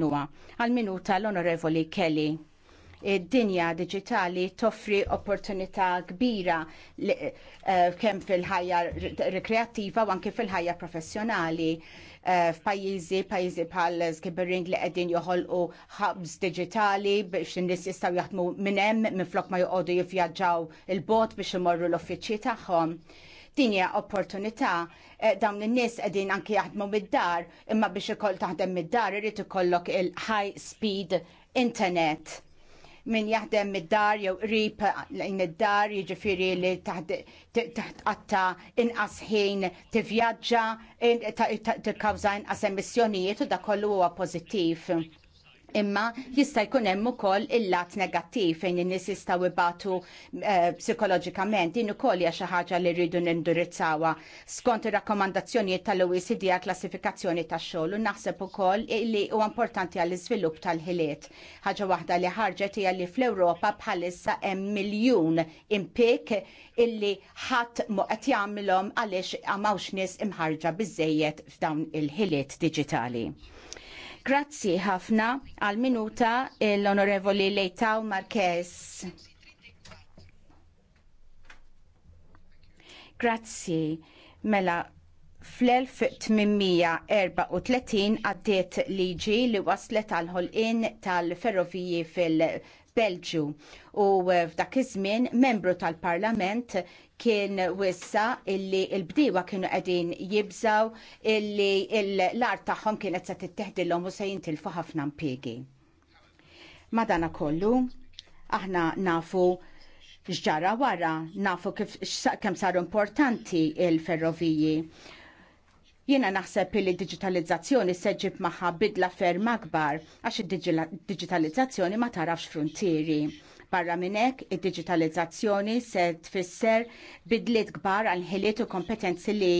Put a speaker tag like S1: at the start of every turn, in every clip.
S1: nuwa. Għal-minuta l-Onorevoli Kelly. Id-dinja digitali toffri opportunità kbira eh, kemm fil-ħajja rekreattiva u anke fil-ħajja professjonali eh, f'pajjiżi, pajjiżi bħal skibbering li qegħdin joħolqu hubs digitali biex in-nies jistgħu jaħdmu minn hemm minflok ma joqogħdu jivvjaġġaw il-bot biex imorru l-uffiċċji tagħhom. Din hija opportunità eh, dawn in-nies qegħdin anke jaħdmu mid-dar imma biex ikoll taħdem mid-dar irid ikollok il-high speed internet min jaħdem mid-dar jew qrib lejn id-dar jiġifieri li taħtqatta inqas ħin tivvjaġġa tikkawża inqas emissjonijiet u dak kollu huwa pożittiv Imma jista' jkun hemm ukoll il-lat negattiv fejn in-nies jistgħu ibatu eh, psikoloġikament din ukoll hija xi ħaġa li rridu nindirizzawha. Skont ir-rakkomandazzjonijiet tal-OECD għal klassifikazzjoni tax-xogħol u naħseb ukoll li huwa importanti għall iżvilupp tal-ħiliet. Ħaġa waħda li ħarġet hija li fl-Ewropa bħalissa hemm miljun impik illi ħadd qed jagħmilhom għaliex għamawx nies imħarġa biżejjed f'dawn il-ħiliet diġitali. Grazzi ħafna għal minuta l-Onorevoli Lejtaw Marquez. Grazzi, mela fl-1834 għaddiet liġi li waslet għal ħolqien tal-ferroviji fil-Belġu u f'dak iż-żmien membru tal-Parlament kien wissa illi il bdiwa kienu qegħdin jibżaw illi l-art tagħhom kienet se titteħdilhom u se jintilfu ħafna impjiegi. Madana kollu, aħna nafu xġara wara, nafu kif kemm saru importanti il-ferroviji. Jiena naħseb li digitalizzazzjoni seġib magħha bidla ferm akbar għax id-digitalizzazzjoni ma tarafx frontieri. Barra minn hekk, id-digitalizzazzjoni se tfisser bidliet kbar għal ħiliet u kompetenzi li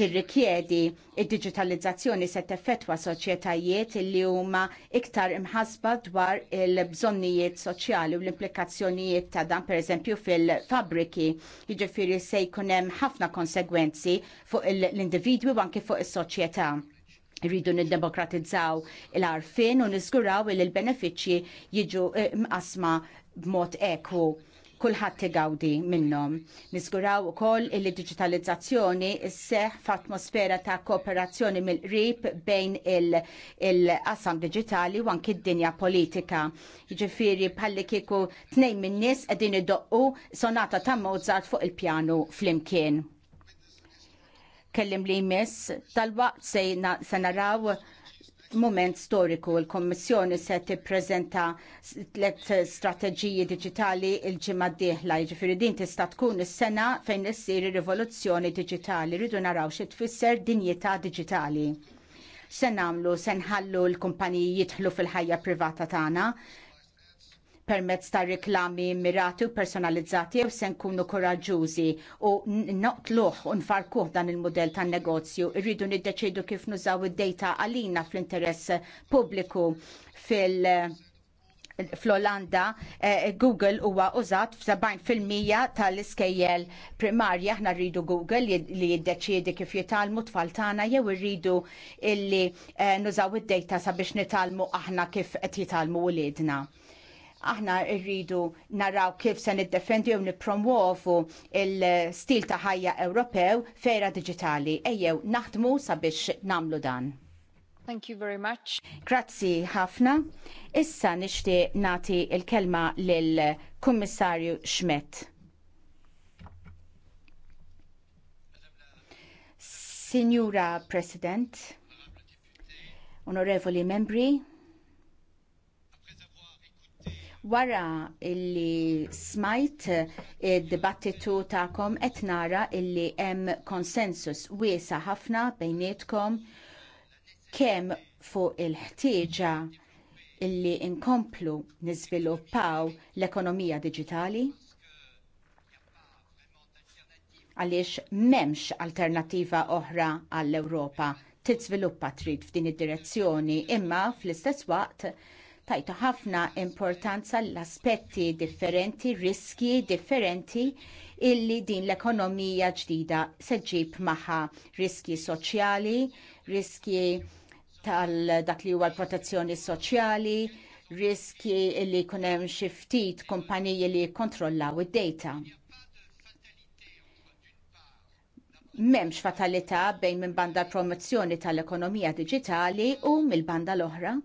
S1: tirrikjedi id-digitalizzazzjoni se teffettwa soċjetajiet li huma iktar imħasba dwar il-bżonnijiet soċjali u l-implikazzjonijiet ta' dan pereżempju fil-fabriki. Jiġifieri se jkun hemm ħafna konsegwenzi fuq l-individwi u anke fuq is-soċjetà rridu niddemokratizzaw il-arfin u nizguraw il benefiċċji jiġu eh, mqasma b'mod ekwu kulħadd tigawdi minnhom. Niżguraw ukoll li digitalizzazzjoni sseħħ f'atmosfera ta' kooperazzjoni mill-qrib bejn il-qasam il digitali u anki d-dinja politika. Jiġifieri bħalli t tnejn min-nies qegħdin idoqqu sonata ta' Mozart fuq il-pjanu flimkien. Kellim li jmiss, tal-waqt se naraw moment storiku il-Kommissjoni se tippreżenta tliet strateġiji diġitali il-ġimgħa d-dieħla, jiġifieri din tista' tkun is-sena fejn issir ir-rivoluzzjoni diġitali. Rridu naraw xi tfisser dinjità diġitali. Se nagħmlu se nħallu l-kumpaniji jidħlu fil-ħajja privata tagħna, permezz ta' riklami mirati u personalizzati jew se nkunu koraġġużi u noqtluh u nfarkuh dan il-modell tan negozju irridu niddeċidu kif nużaw id-data għalina fl-interess pubbliku fil- fl-Olanda eh, Google huwa użat f'70% tal-iskejjel primarja aħna rridu Google li jiddeċiedi kif jitalmu tfal tagħna jew irridu illi eh, nużaw id-data sabiex nitalmu aħna kif qed jitalmu wliedna aħna rridu naraw kif se niddefendi jew nippromuovu il-stil ta' ħajja Ewropew fejra digitali ejjew naħdmu sabiex namlu dan.
S2: Thank you very much.
S1: Grazzi ħafna. Issa nixti nati il-kelma lill kummissarju Schmidt. Signora President, onorevoli membri, Wara illi smajt id-dibattitu eh, tagħkom qed nara illi hemm konsensus wiesa ħafna bejnietkom kemm fuq il-ħtieġa illi nkomplu niżviluppaw l-ekonomija diġitali għaliex m'hemmx alternattiva oħra għall-Ewropa tiżviluppa trid f'din id-direzzjoni imma fl-istess waqt tajtu ħafna importanza l-aspetti differenti, riski differenti illi din l-ekonomija ġdida se ġib magħha riski soċjali, riski tal-dak li huwa l-protezzjoni soċjali, riski li kunem xiftit kumpaniji li kontrollaw id-data. Memx fatalità bejn minn banda promozzjoni tal-ekonomija digitali u mill-banda l-oħra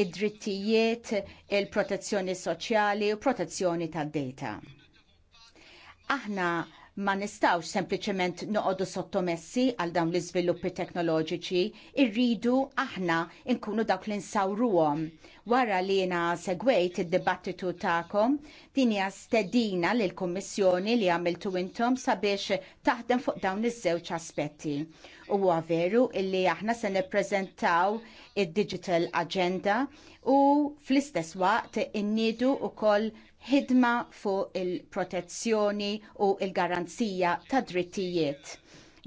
S1: id-drittijiet, il-protezzjoni soċjali u protezzjoni tad-data. Aħna ma nistawx sempliċement noqogħdu sottomessi għal dawn l-iżviluppi teknoloġiċi, irridu aħna nkunu dawk li nsawruhom. Wara li jiena segwejt id-dibattitu tagħkom, din hija stedina lill kummissjoni li għamiltu intom sabiex taħdem fuq dawn iż-żewġ aspetti. Huwa veru illi aħna se nippreżentaw id-Digital Agenda u fl-istess waqt innidu wkoll ħidma fuq il-protezzjoni u l il garanzija ta' drittijiet.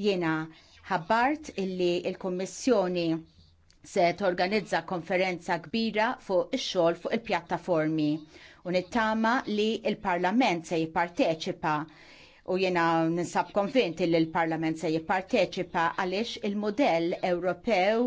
S1: Jiena ħabbart illi l il kummissjoni se torganizza konferenza kbira fuq ix-xogħol fuq il-pjattaformi u nittama li l parlament se jipparteċipa u jena ninsab konvinti li l-Parlament se jipparteċipa għaliex il-modell Ewropew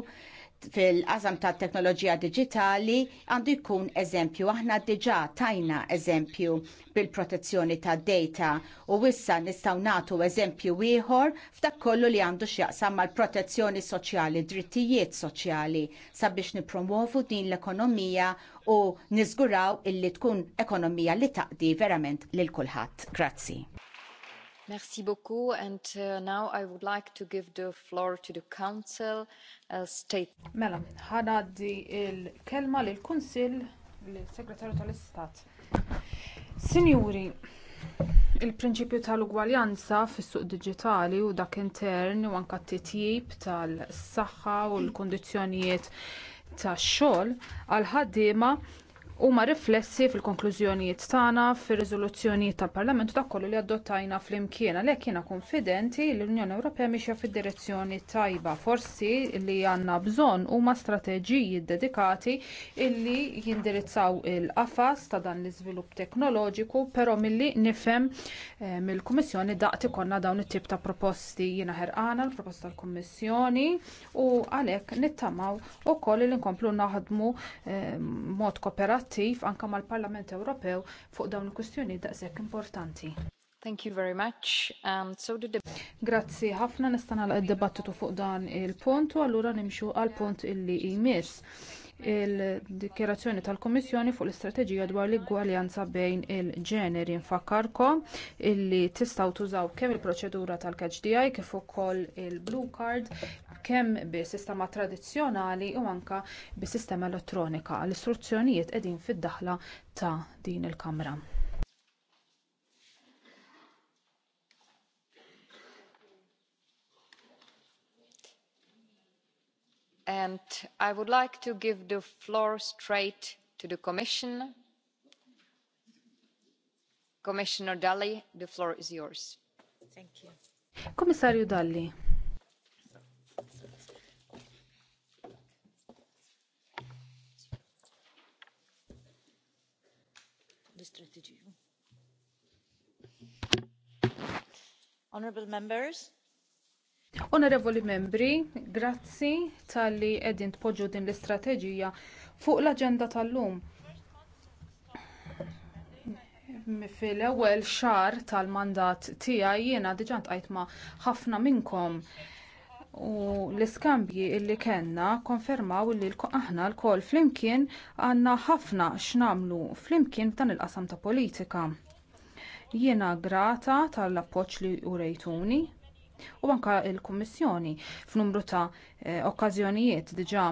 S1: fil-qasam ta' teknoloġija digitali għandu jkun eżempju. Aħna diġa tajna eżempju bil-protezzjoni ta' data u wissa nistaw natu eżempju ieħor f'dak kollu li għandu x'jaqsam mal-protezzjoni soċjali, drittijiet soċjali sabiex nipromuovu din l-ekonomija u niżguraw illi tkun ekonomija li taqdi verament lil kulħadd. Grazzi.
S2: Merci beaucoup. And uh, now I would like to give the floor to the Council uh, state. Mela, ħanaddi il-kelma lill kunsill l-Segretarju tal-Istat.
S3: Sinjuri, il-prinċipju tal-ugwaljanza fis-suq diġitali u dak intern u anke t-titjib tal-saħħa u l kundizzjonijiet tax-xogħol għal ħaddiema huma riflessi fil-konklużjonijiet tagħna fir-riżoluzzjonijiet tal-Parlament ta' kollu li adottajna flimkien għalhekk jiena konfidenti li l-Unjoni Ewropea mixja fid-direzzjoni tajba. Forsi li għandna bżonn huma strateġiji dedikati illi jindirizzaw il-qafas ta' dan l-iżvilupp teknoloġiku, però milli nifhem eh, mill-Kummissjoni daqt ikollna dawn it-tip ta' proposti jiena ħerqana l-proposta tal-Kummissjoni u għalhekk nittamaw ukoll li nkomplu naħdmu eh, mod kooperat attiv anke mal-Parlament Ewropew fuq dawn il-kwistjonijiet daqshekk importanti. Thank you very much. Um, so the Grazzi ħafna nista' nagħlaq id-dibattitu fuq dan il-punt u allura nimxu għal punt illi jmiss il-dikjerazzjoni tal-Komissjoni fuq l-istrateġija dwar l-igwaljanza bejn il-ġeneri. Nfakkarkom illi tistaw tużaw kemm il-proċedura tal-KHDI kif ukoll il-Blue Card kemm bi-sistema tradizzjonali u anke bi-sistema elettronika. L-istruzzjonijiet qegħdin fid-daħla ta' din il-Kamra.
S2: and i would like to give the floor straight to the commission. commissioner dalli the floor is yours.
S3: dalli
S1: honourable members
S3: Onorevoli membri, grazzi tal-li edin tpoġġu din l-istrateġija fuq l-agenda tal-lum fil ewel xahar tal-mandat tiegħi jiena diġà ntqajt ma' ħafna minnkom u l-iskambji li kellna konfermaw li aħna lkoll flimkien għandna ħafna x'namlu flimkien f'dan il-qasam ta' politika. Jiena grata tal-appoġġ li urejtuni u anke l-Kummissjoni f'numru ta' eh, okkażjonijiet diġà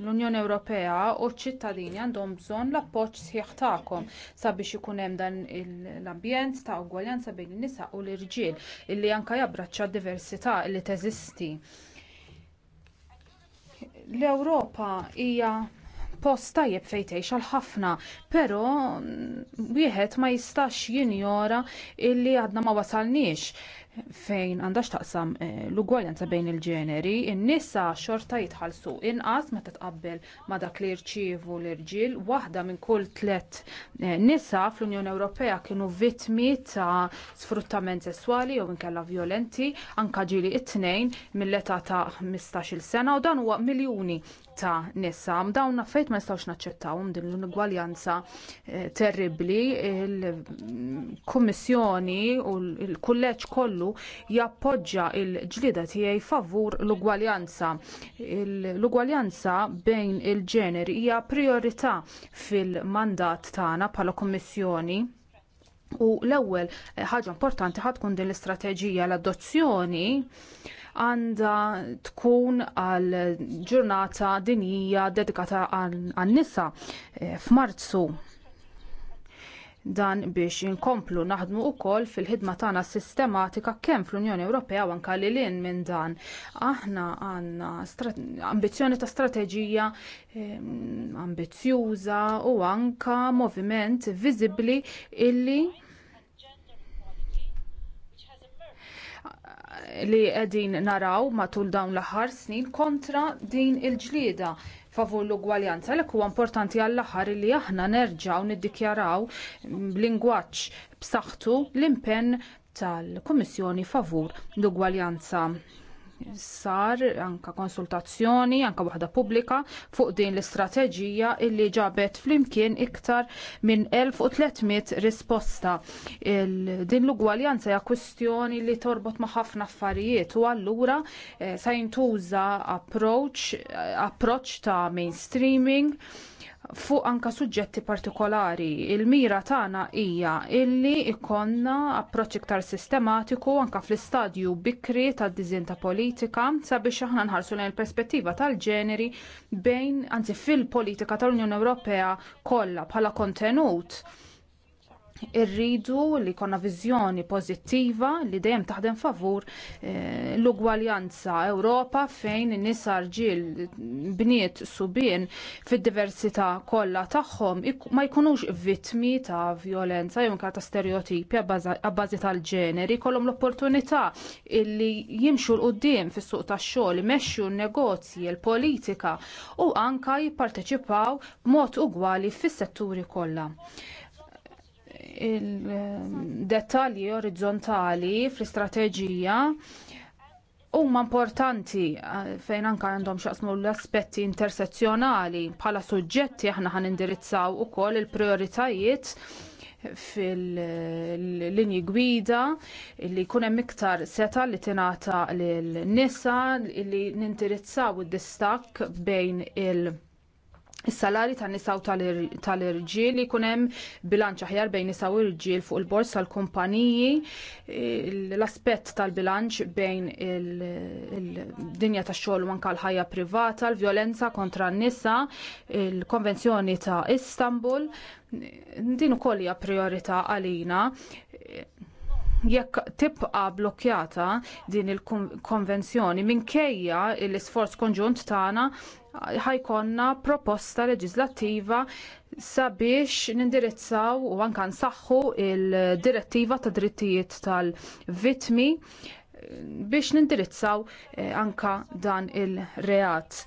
S3: l-Unjoni Ewropea u ċ-ċittadini għandhom bżonn l-appoġġ sħiħ tagħkom sabiex ikun hemm dan l-ambjent ta' ugwaljanza bejn in-nisa u l-irġiel illi anke jabbraċċa d-diversità li teżisti. L-Ewropa hija post tajjeb fejn tgħix għal ħafna, però wieħed ma jistax jinjora illi għadna ma wasalniex fejn għandax taqsam eh, l-ugwaljanza bejn il-ġeneri, in-nisa xorta jitħallsu inqas meta tqabbel ma dak li jirċievu l-irġiel, waħda minn kull tliet eh, nisa fl-Unjoni Ewropea kienu vittmi ta' sfruttament sesswali jew inkella vjolenti, anka ġili it-tnejn mill-età ta' 15-il sena u dan huwa miljuni ta' nisa. Dawn affejt ma nistgħux naċċettawhom din l-ugwaljanza eh, terribbli il-Kummissjoni u l-kulleġġ kollu kollu jappoġġja l-ġlieda tiegħi favur l-ugwaljanza. L-ugwaljanza bejn il-ġeneri hija priorità fil-mandat tagħna bħala Kummissjoni. U l-ewwel ħaġa importanti tkun din l-istrateġija l-adozzjoni għandha tkun għal ġurnata dinjija dedikata għan-nisa eh, f'Marzu dan biex inkomplu naħdmu wkoll fil-ħidma tagħna sistematika kemm fl-Unjoni Ewropea u anke lilin minn dan. Aħna għandna ambizzjoni ta' strateġija ambizzjuża u anke moviment viżibbli illi li qegħdin naraw matul dawn l-aħħar snin kontra din il-ġlieda favur l-ugwaljanza Lek huwa importanti għall-aħħar li aħna nerġa'w niddikjaraw b'lingwaġġ b'saħħtu l-impenn tal-Kummissjoni favur l-ugwaljanza sar anka konsultazzjoni, anka waħda pubblika fuq din l-istrateġija illi ġabet flimkien iktar minn 1300 risposta. Il din l-ugwaljanza hija kwistjoni li torbot ma' ħafna affarijiet u allura eh, se jintuża approach, eh, approach ta' mainstreaming fuq anka suġġetti partikolari. Il-mira tagħna hija illi ikonna approċċ iktar sistematiku anka fl-istadju bikri tad dizin ta' politika sabiex aħna nħarsu lejn il-perspettiva tal-ġeneri bejn anzi fil-politika tal-Unjoni Ewropea kollha bħala kontenut irridu li konna viżjoni pożittiva li dejjem taħdem favur eh, l-ugwaljanza Ewropa fejn in ġil bniet subien fid-diversità kollha tagħhom ma jkunux vittmi ta' violenza jew ta' stereotipi għabbażi tal-ġeneri kollhom l-opportunità illi jimxu l qudiem fis-suq tax-xogħol, imexxu n-negozji, l-politika u anka jipparteċipaw b'mod ugwali fis-setturi kollha il-dettalji orizzontali fl-istrateġija huma importanti eh, fejn anke għandhom xaqsmu l-aspetti intersezzjonali bħala suġġetti aħna ħan indirizzaw ukoll il-prioritajiet fil-linji gwida li jkun hemm iktar seta li tingħata lil nisa li nindirizzaw id-distakk bejn il- Is-salari tan nisa u tal-irġiel li hemm bilanċ aħjar bejn nisa u irġiel fuq il-bors tal-kumpaniji, eh, l-aspett tal-bilanċ bejn il-dinja tax xogħol u anke l-ħajja privata, l-vjolenza kontra n-nisa, il-Konvenzjoni ta' Istanbul, din ukoll hija priorità għalina jekk tibqa blokkjata din il-konvenzjoni minkejja l-isforz konġunt tagħna ħajkonna proposta leġislattiva sabiex nindirizzaw u anke nsaħħu l direttiva ta' drittijiet tal vittmi biex nindirizzaw eh, anka dan il-reat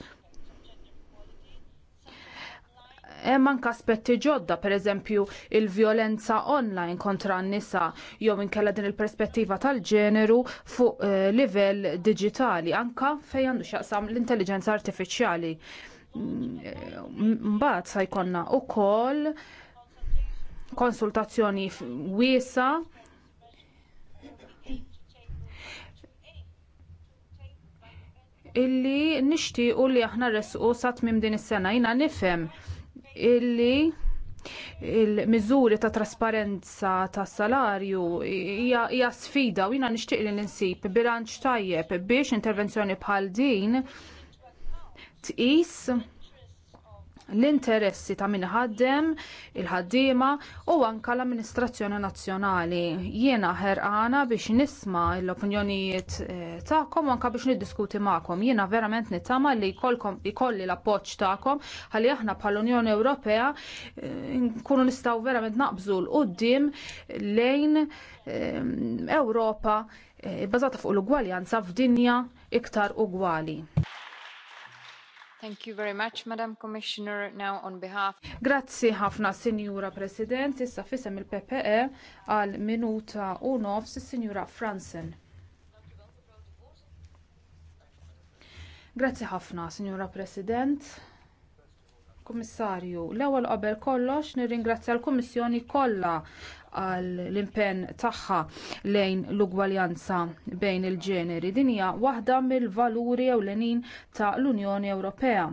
S3: Hemm anke aspetti ġodda, pereżempju il-vjolenza online kontra n-nisa jew inkella din il-perspettiva tal-ġeneru fuq eh, livell diġitali, anke fejn għandu x'jaqsam l-intelligenza artifiċjali. Mbagħad sa jkollna wkoll konsultazzjoni wiesa illi nixtiequ li aħna resqu sa tmiem din is-sena jiena nifhem illi il-miżuri ta' trasparenza ta' salarju hija sfida u jina nixtieq li ninsib bilanċ tajjeb biex intervenzjoni bħal din tqis l-interessi ta' min ħaddem, il-ħaddiema u anka l-amministrazzjoni nazzjonali. Jiena ħerqana biex nisma l-opinjonijiet eh, tagħkom u anka biex niddiskuti magħkom. Jiena verament nittama li jkolli l-appoġġ tagħkom ħalli aħna bħall-Unjoni Ewropea eh, nkunu nistgħu verament naqbżu l qudiem lejn eh, Ewropa bbażata fuq l-ugwaljanza f'dinja iktar ugwali.
S2: Thank you very much, Madam Commissioner. Now on behalf.
S3: Grazzi ħafna, Signora
S2: President. Issa fissem
S3: il-PPE għal minuta u nofs, Sinjura Fransen. Grazie ħafna, Signora President. Kummissarju, l-ewwel qabel kollox nirringrazzja l-Kummissjoni kollha għall l-impenn tagħha lejn l-ugwaljanza bejn il-ġeneri. Din hija waħda mill-valuri ewlenin ta' l-Unjoni Ewropea.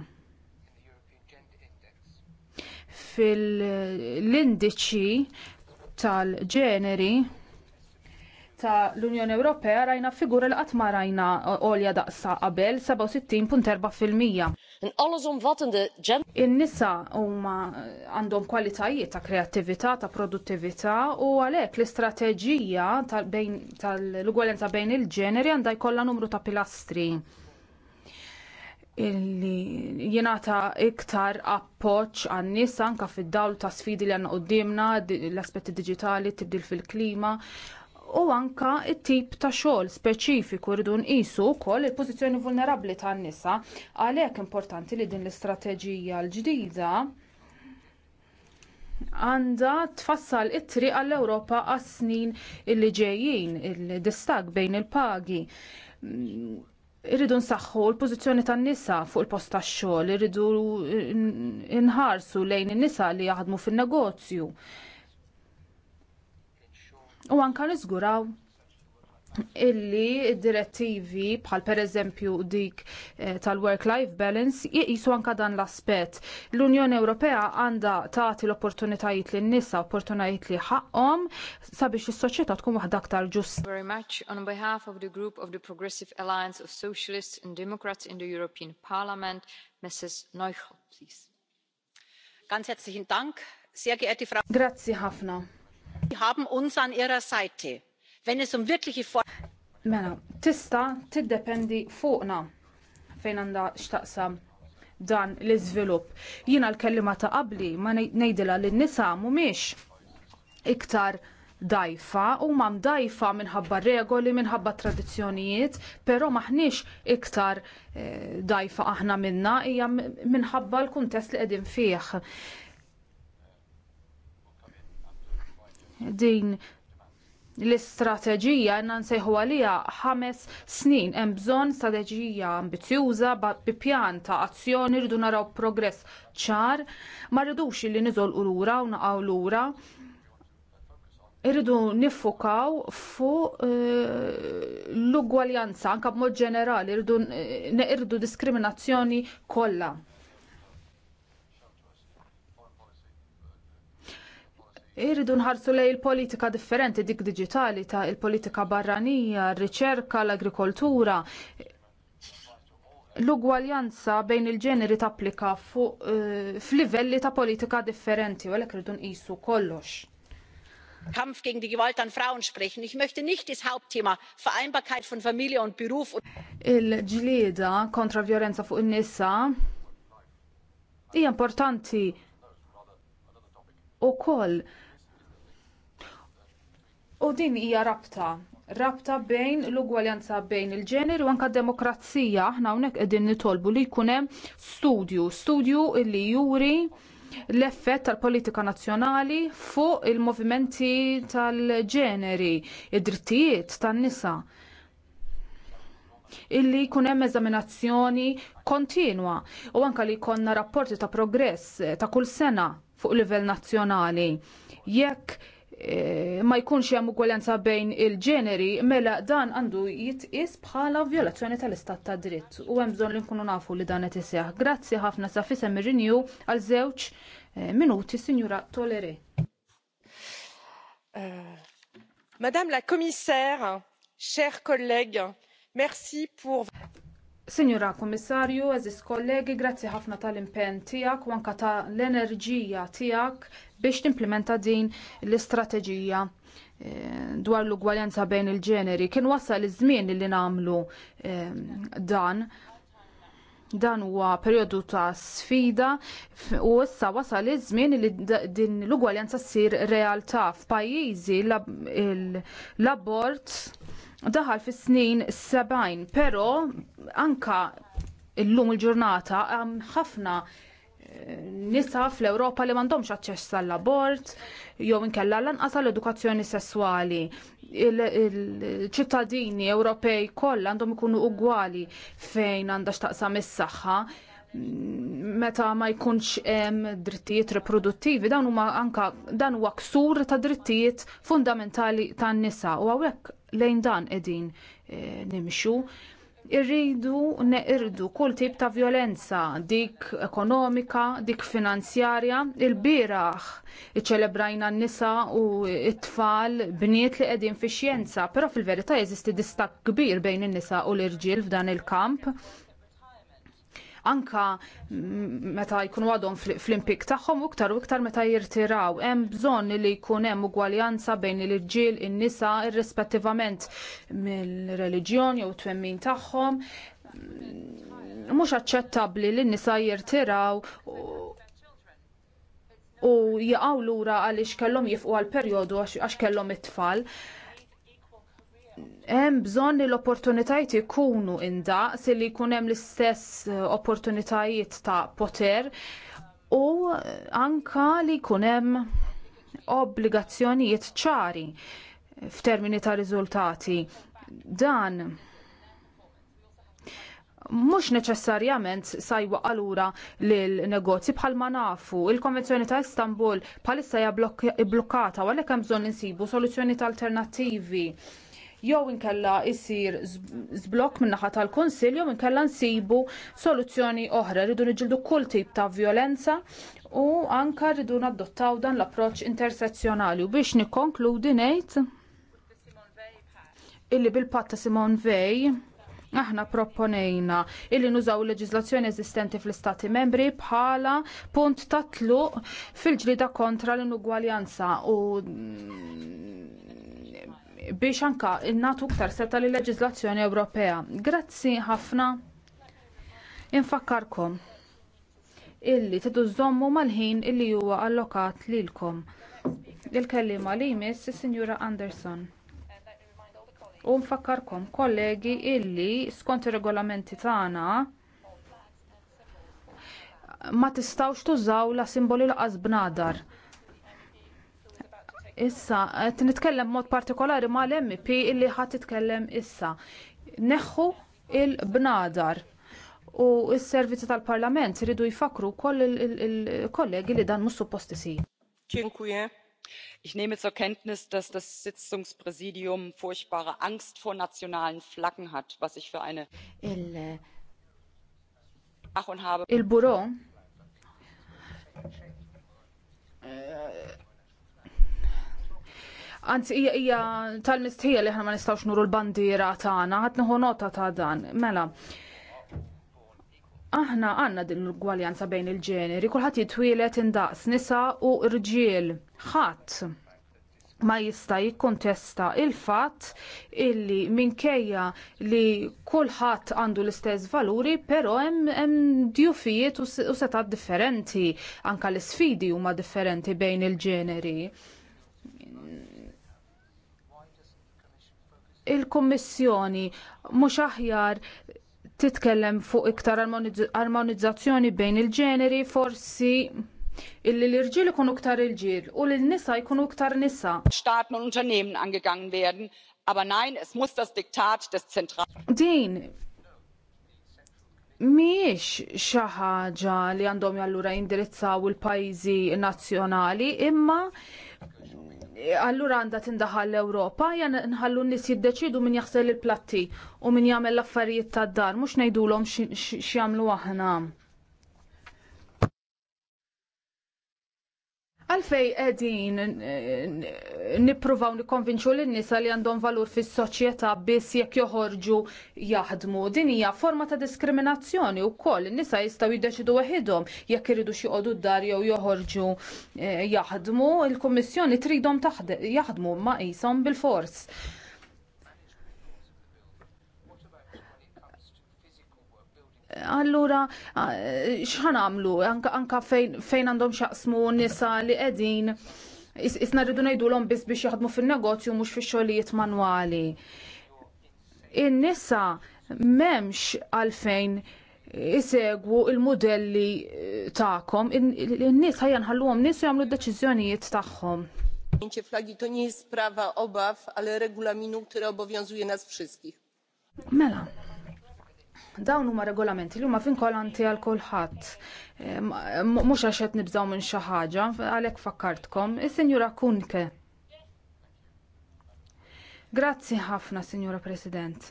S3: Fil-indiċi tal-ġeneri ta' l-Unjoni Ewropea rajna figura li qatt ma rajna għolja daqsa qabel 67.4 fil-mija alles omvattende gender. In-nisa huma eh, għandhom kwalitajiet ta' kreattività, ta' produttività u għalhekk l-istrateġija tal-ugwalenza bejn il-ġeneri għandha jkollha numru ta' pilastri illi jenata iktar appoċ għan nisa anka fid-dawl ta' sfidi li għanna qoddimna, l-aspetti digitali, tibdil fil-klima, u anka t-tip ta' xogħol speċifiku rridu nqisu wkoll il-pożizzjoni vulnerabbli tan-nisa għalhekk importanti li din l-istrateġija l-ġdida għandha tfassal it-triq għall-Ewropa għas-snin illi ġejjin il-distag bejn il-pagi irridu nsaħħu l-pożizzjoni tan-nisa fuq il-post tax-xogħol, irridu nħarsu lejn in-nisa li jaħdmu fin-negozju u anka nizguraw illi direttivi bħal per eżempju dik eh, tal-work-life balance jisu anka dan l-aspet. L-Unjoni Ewropea għanda taħti l-opportunitajiet li n-nisa, opportunitajiet li ħaqqom sabiex is soċieta tkun waħda aktar ġust.
S2: Very much on behalf of the group of the Progressive Alliance of Socialists and Democrats in the European Parliament, Mrs. Neuchel, please. Ganz herzlichen Dank, sehr geehrte Frau.
S3: Grazie ħafna. Um mela, tista tiddependi fuqna fejn għandha x'taqsam dan l-iżvilupp. Jiena l-kellima ta' qabli ma ngħidilha lin nisa mhumiex iktar dajfa u mam dajfa minħabba regoli, minħabba tradizzjonijiet, pero maħniex iktar eh, dajfa aħna minna hija minħabba l-kuntest li qegħdin fih. din l-istrateġija għandna nsejħu għaliha ħames snin hemm bżonn strateġija ambizjuża bi pjan ta' azzjoni rridu naraw progress ċar ma rridux li niżolqu lura u naqgħu lura irridu niffukaw fuq eh, l-ugwaljanza anke b'mod ġenerali irridu diskriminazzjoni kollha Irridu nħarsu lej il-politika differenti dik digitali ta' il-politika barranija, r-riċerka, l-agrikoltura. L-ugwaljanza bejn il-ġeneri tapplika fuq eh, f'livelli ta' politika differenti, u għalek rridu nqisu kollox.
S1: Kampf gegen die Gewalt an Frauen sprechen. Ich möchte nicht das Hauptthema Vereinbarkeit von Familie und Beruf.
S3: Il-ġlieda kontra violenza fuq in-nisa hija importanti u koll U din hija rabta rabta bejn l-ugwaljanza bejn il-ġeneru anka demokrazija aħna hawnhekk qegħdin nitolbu li jkun hemm studju, studju li juri l-effett tal-politika nazzjonali fuq il-movimenti tal-ġeneri, id-drittijiet tan-nisa illi jkun hemm eżaminazzjoni kontinwa u anke li jkollna rapporti ta' progress ta' kull sena fuq livell nazzjonali. Jekk Eh, ma jkunx hemm ugwaljanza bejn il-ġeneri, mela dan għandu jitqis bħala violazzjoni tal-istat ta' dritt u hemm bżonn li nkunu nafu li dan qed iseħħ. Grazzi ħafna sa fisem ir-renew għal żewġ eh, minuti Sinjura Toleré. Eh, Madame la commissaire, chers collègues, merci pour Sinjura Komissarju, eżis kollegi, grazzi ħafna tal-impen tijak u anka tal-enerġija tijak biex timplementa din l-istrateġija eh, dwar l-ugwaljanza bejn il-ġeneri. Kien wasal iż-żmien li namlu eh, dan. Dan huwa perjodu ta' sfida u issa wasal iż-żmien li din l-ugwaljanza ssir realtà f'pajjiżi l-abort daħal fis snin 70, pero anka illum il-ġurnata hemm ħafna eh, nisa fl-Ewropa li m'għandhomx aċċess għall-abort, jew inkella lanqas għall-edukazzjoni sessuali. Il-ċittadini Ewropej kollha għandhom ikunu ugwali fejn għandha x'taqsam is-saħħa, meta ma jkunx hemm drittijiet riproduttivi dan huma anka dan huwa ksur ta' drittijiet fundamentali tan-nisa u hawnhekk lejn dan qegħdin eh, nimxu. Irridu neqirdu kull tip ta' violenza, dik ekonomika, dik finanzjarja, il-biraħ iċċelebrajna n-nisa u it-tfal bniet li qegħdin fi xjenza, però fil-verità jeżisti distak kbir bejn in-nisa u l-irġiel f'dan il-kamp anka meta jkunu għadhom fl-impik tagħhom u iktar u iktar meta jirtiraw. Hemm bżonn li jkun hemm ugwaljanza bejn il-irġiel, in-nisa, irrispettivament mill-reliġjon jew twemmin tagħhom. Mhux aċċettabbli li n-nisa jirtiraw u jaqgħu lura għaliex kellhom jifqu għal perjodu għax kellhom it-tfal hemm bżonn li l-opportunitajiet ikunu indaqs li jkun hemm l-istess eh, opportunitajiet ta' poter u anka li jkun hemm obbligazzjonijiet ċari f'termini ta' riżultati. Dan mhux neċessarjament sajwa għalura lil negozji bħalma nafu. Il-Konvenzjoni ta' Istanbul bħalissa hija blokkata u għalhekk hemm bżonn insibu soluzzjoni alternattivi jew inkella jsir zblok min-naħa tal konsil jew inkella nsibu soluzzjoni oħra. Rridu niġildu kull tip ta' violenza u anka rridu nadottaw dan l-approċċ intersezzjonali u biex nikkonkludi ngħid illi bil-patta Simon Vej aħna proponejna illi nużaw leġizlazzjoni eżistenti fl-istati membri bħala punt tatlu tluq fil-ġlida kontra l-inugwaljanza u biex anka nagħtu aktar seta li leġiżlazzjoni Ewropea. Grazzi ħafna infakkarkom illi tidu żommu mal-ħin illi huwa allokat lilkom. Il-kellima li jmiss is-Sinjura Anderson. U nfakkarkom kollegi illi skont ir-regolamenti tagħna ma tistgħux tużaw la simboli l bnadar. Issa, qed nitkellem mod partikolari ma l-MP illi ħat titkellem issa. Neħħu il-bnadar u s-servizzi tal-parlament ridu jifakru koll il-kollegi li dan mussu suppost isir.
S4: Dziękuję. Ich nehme zur Kenntnis, dass das Sitzungspräsidium furchtbare Angst vor nationalen Flaggen hat, was ich für
S1: eine il
S4: Ach und habe. Il Büro
S3: äh, Anzi, hija tal-mistħija li ħna ma nistawx nuru l-bandira tagħna, ħadd nieħu nota ta' dan. Mela, aħna għandna din l-gwaljanza bejn il-ġeneri, kulħadd jitwilet indaqs nisa u rġiel. Ħadd ma jista' jikkontesta il-fatt illi minkejja li kulħadd għandu l-istess valuri, però hemm djufijiet u setat differenti, anke l isfidi huma differenti bejn il-ġeneri. il-Kummissjoni mhux aħjar titkellem fuq iktar armonizzazzjoni bejn il-ġeneri forsi illi l-irġiel ikunu iktar irġiel u l-nisa jkunu iktar nisa. Staten und Unternehmen angegangen werden, aber nein, es muss das Diktat des Zentral. Din miex xi ħaġa li għandhom jallura jindirizzaw il-pajjiżi nazzjonali imma allura għandha tindaħal l-Ewropa, jan nħallu n-nis jiddeċidu min jaħsel il-platti u min jagħmel l-affarijiet tad-dar, mhux ngħidulhom x'jagħmlu aħna. Għalfej edin eh, nipruvaw nikonvinċu l-nisa li għandhom valur fis soċjetà biss jekk joħorġu jaħdmu. Din hija forma ta' diskriminazzjoni wkoll in-nisa jistgħu jiddeċidu waħedhom jekk iridu xi d-dar jew joħorġu eh, jaħdmu, il-Kummissjoni tridhom jaħdmu ma' qishom bil-fors. allura x'ħan għamlu anka fejn għandhom xaqsmu nisa li qegħdin isna rridu ngħidulhom biss biex jaħdmu fin-negozju mhux fix-xogħlijiet manwali. In-nisa m'hemmx għalfejn isegwu il-modelli eh, tagħkom, in-nies ħajja nħalluhom nisa jagħmlu d-deċiżjonijiet tagħhom
S4: zdjęcie flagi to nie jest sprawa obaw ale regulaminu który obowiązuje nas wszystkich.
S3: Mela, Dawn huma regolamenti li huma kolanti għal kulħadd. Eh, mhux għax qed nibżgħu minn xi ħaġa, għalhekk fakkartkom. Is-Sinjura Kunke. Grazzi ħafna, Sinjura President.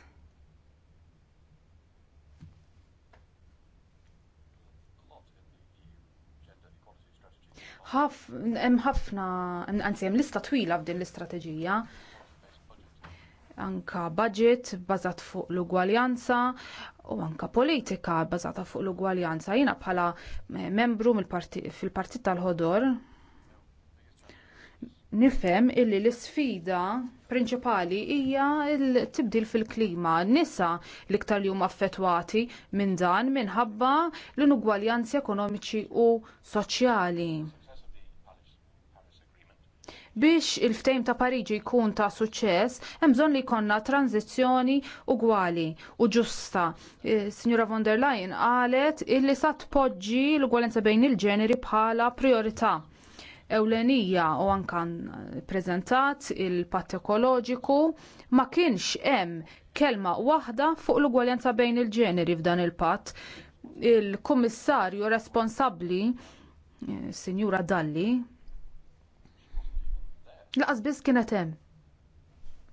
S3: ħafna, anzi hemm lista twila f'din l-istrateġija anka budget bbażat fuq l-ugwaljanza u anka politika bbażata fuq l-ugwaljanza. Jiena bħala eh, membru fil-Partit tal-Ħodor nifhem illi l-isfida prinċipali hija l-tibdil fil-klima. Nisa l-iktar li huma affettwati minn dan minħabba l-inugwaljanzi ekonomiċi u soċjali. Biex il-ftejm ta' Pariġi jkun ta' suċċess, hemm bżonn li jkollna tranzizzjoni ugwali u ġusta. Eh, Signora von der Leyen qalet illi sa tpoġġi l-ugwalenza bejn il-ġeneri bħala priorità ewlenija u ankan prezentat il-patt ekoloġiku ma kienx hemm kelma waħda fuq l-ugwaljanza bejn il-ġeneri f'dan il-patt. Il-kummissarju responsabbli, eh, Sinjura Dalli, Laqas biss kienet hemm.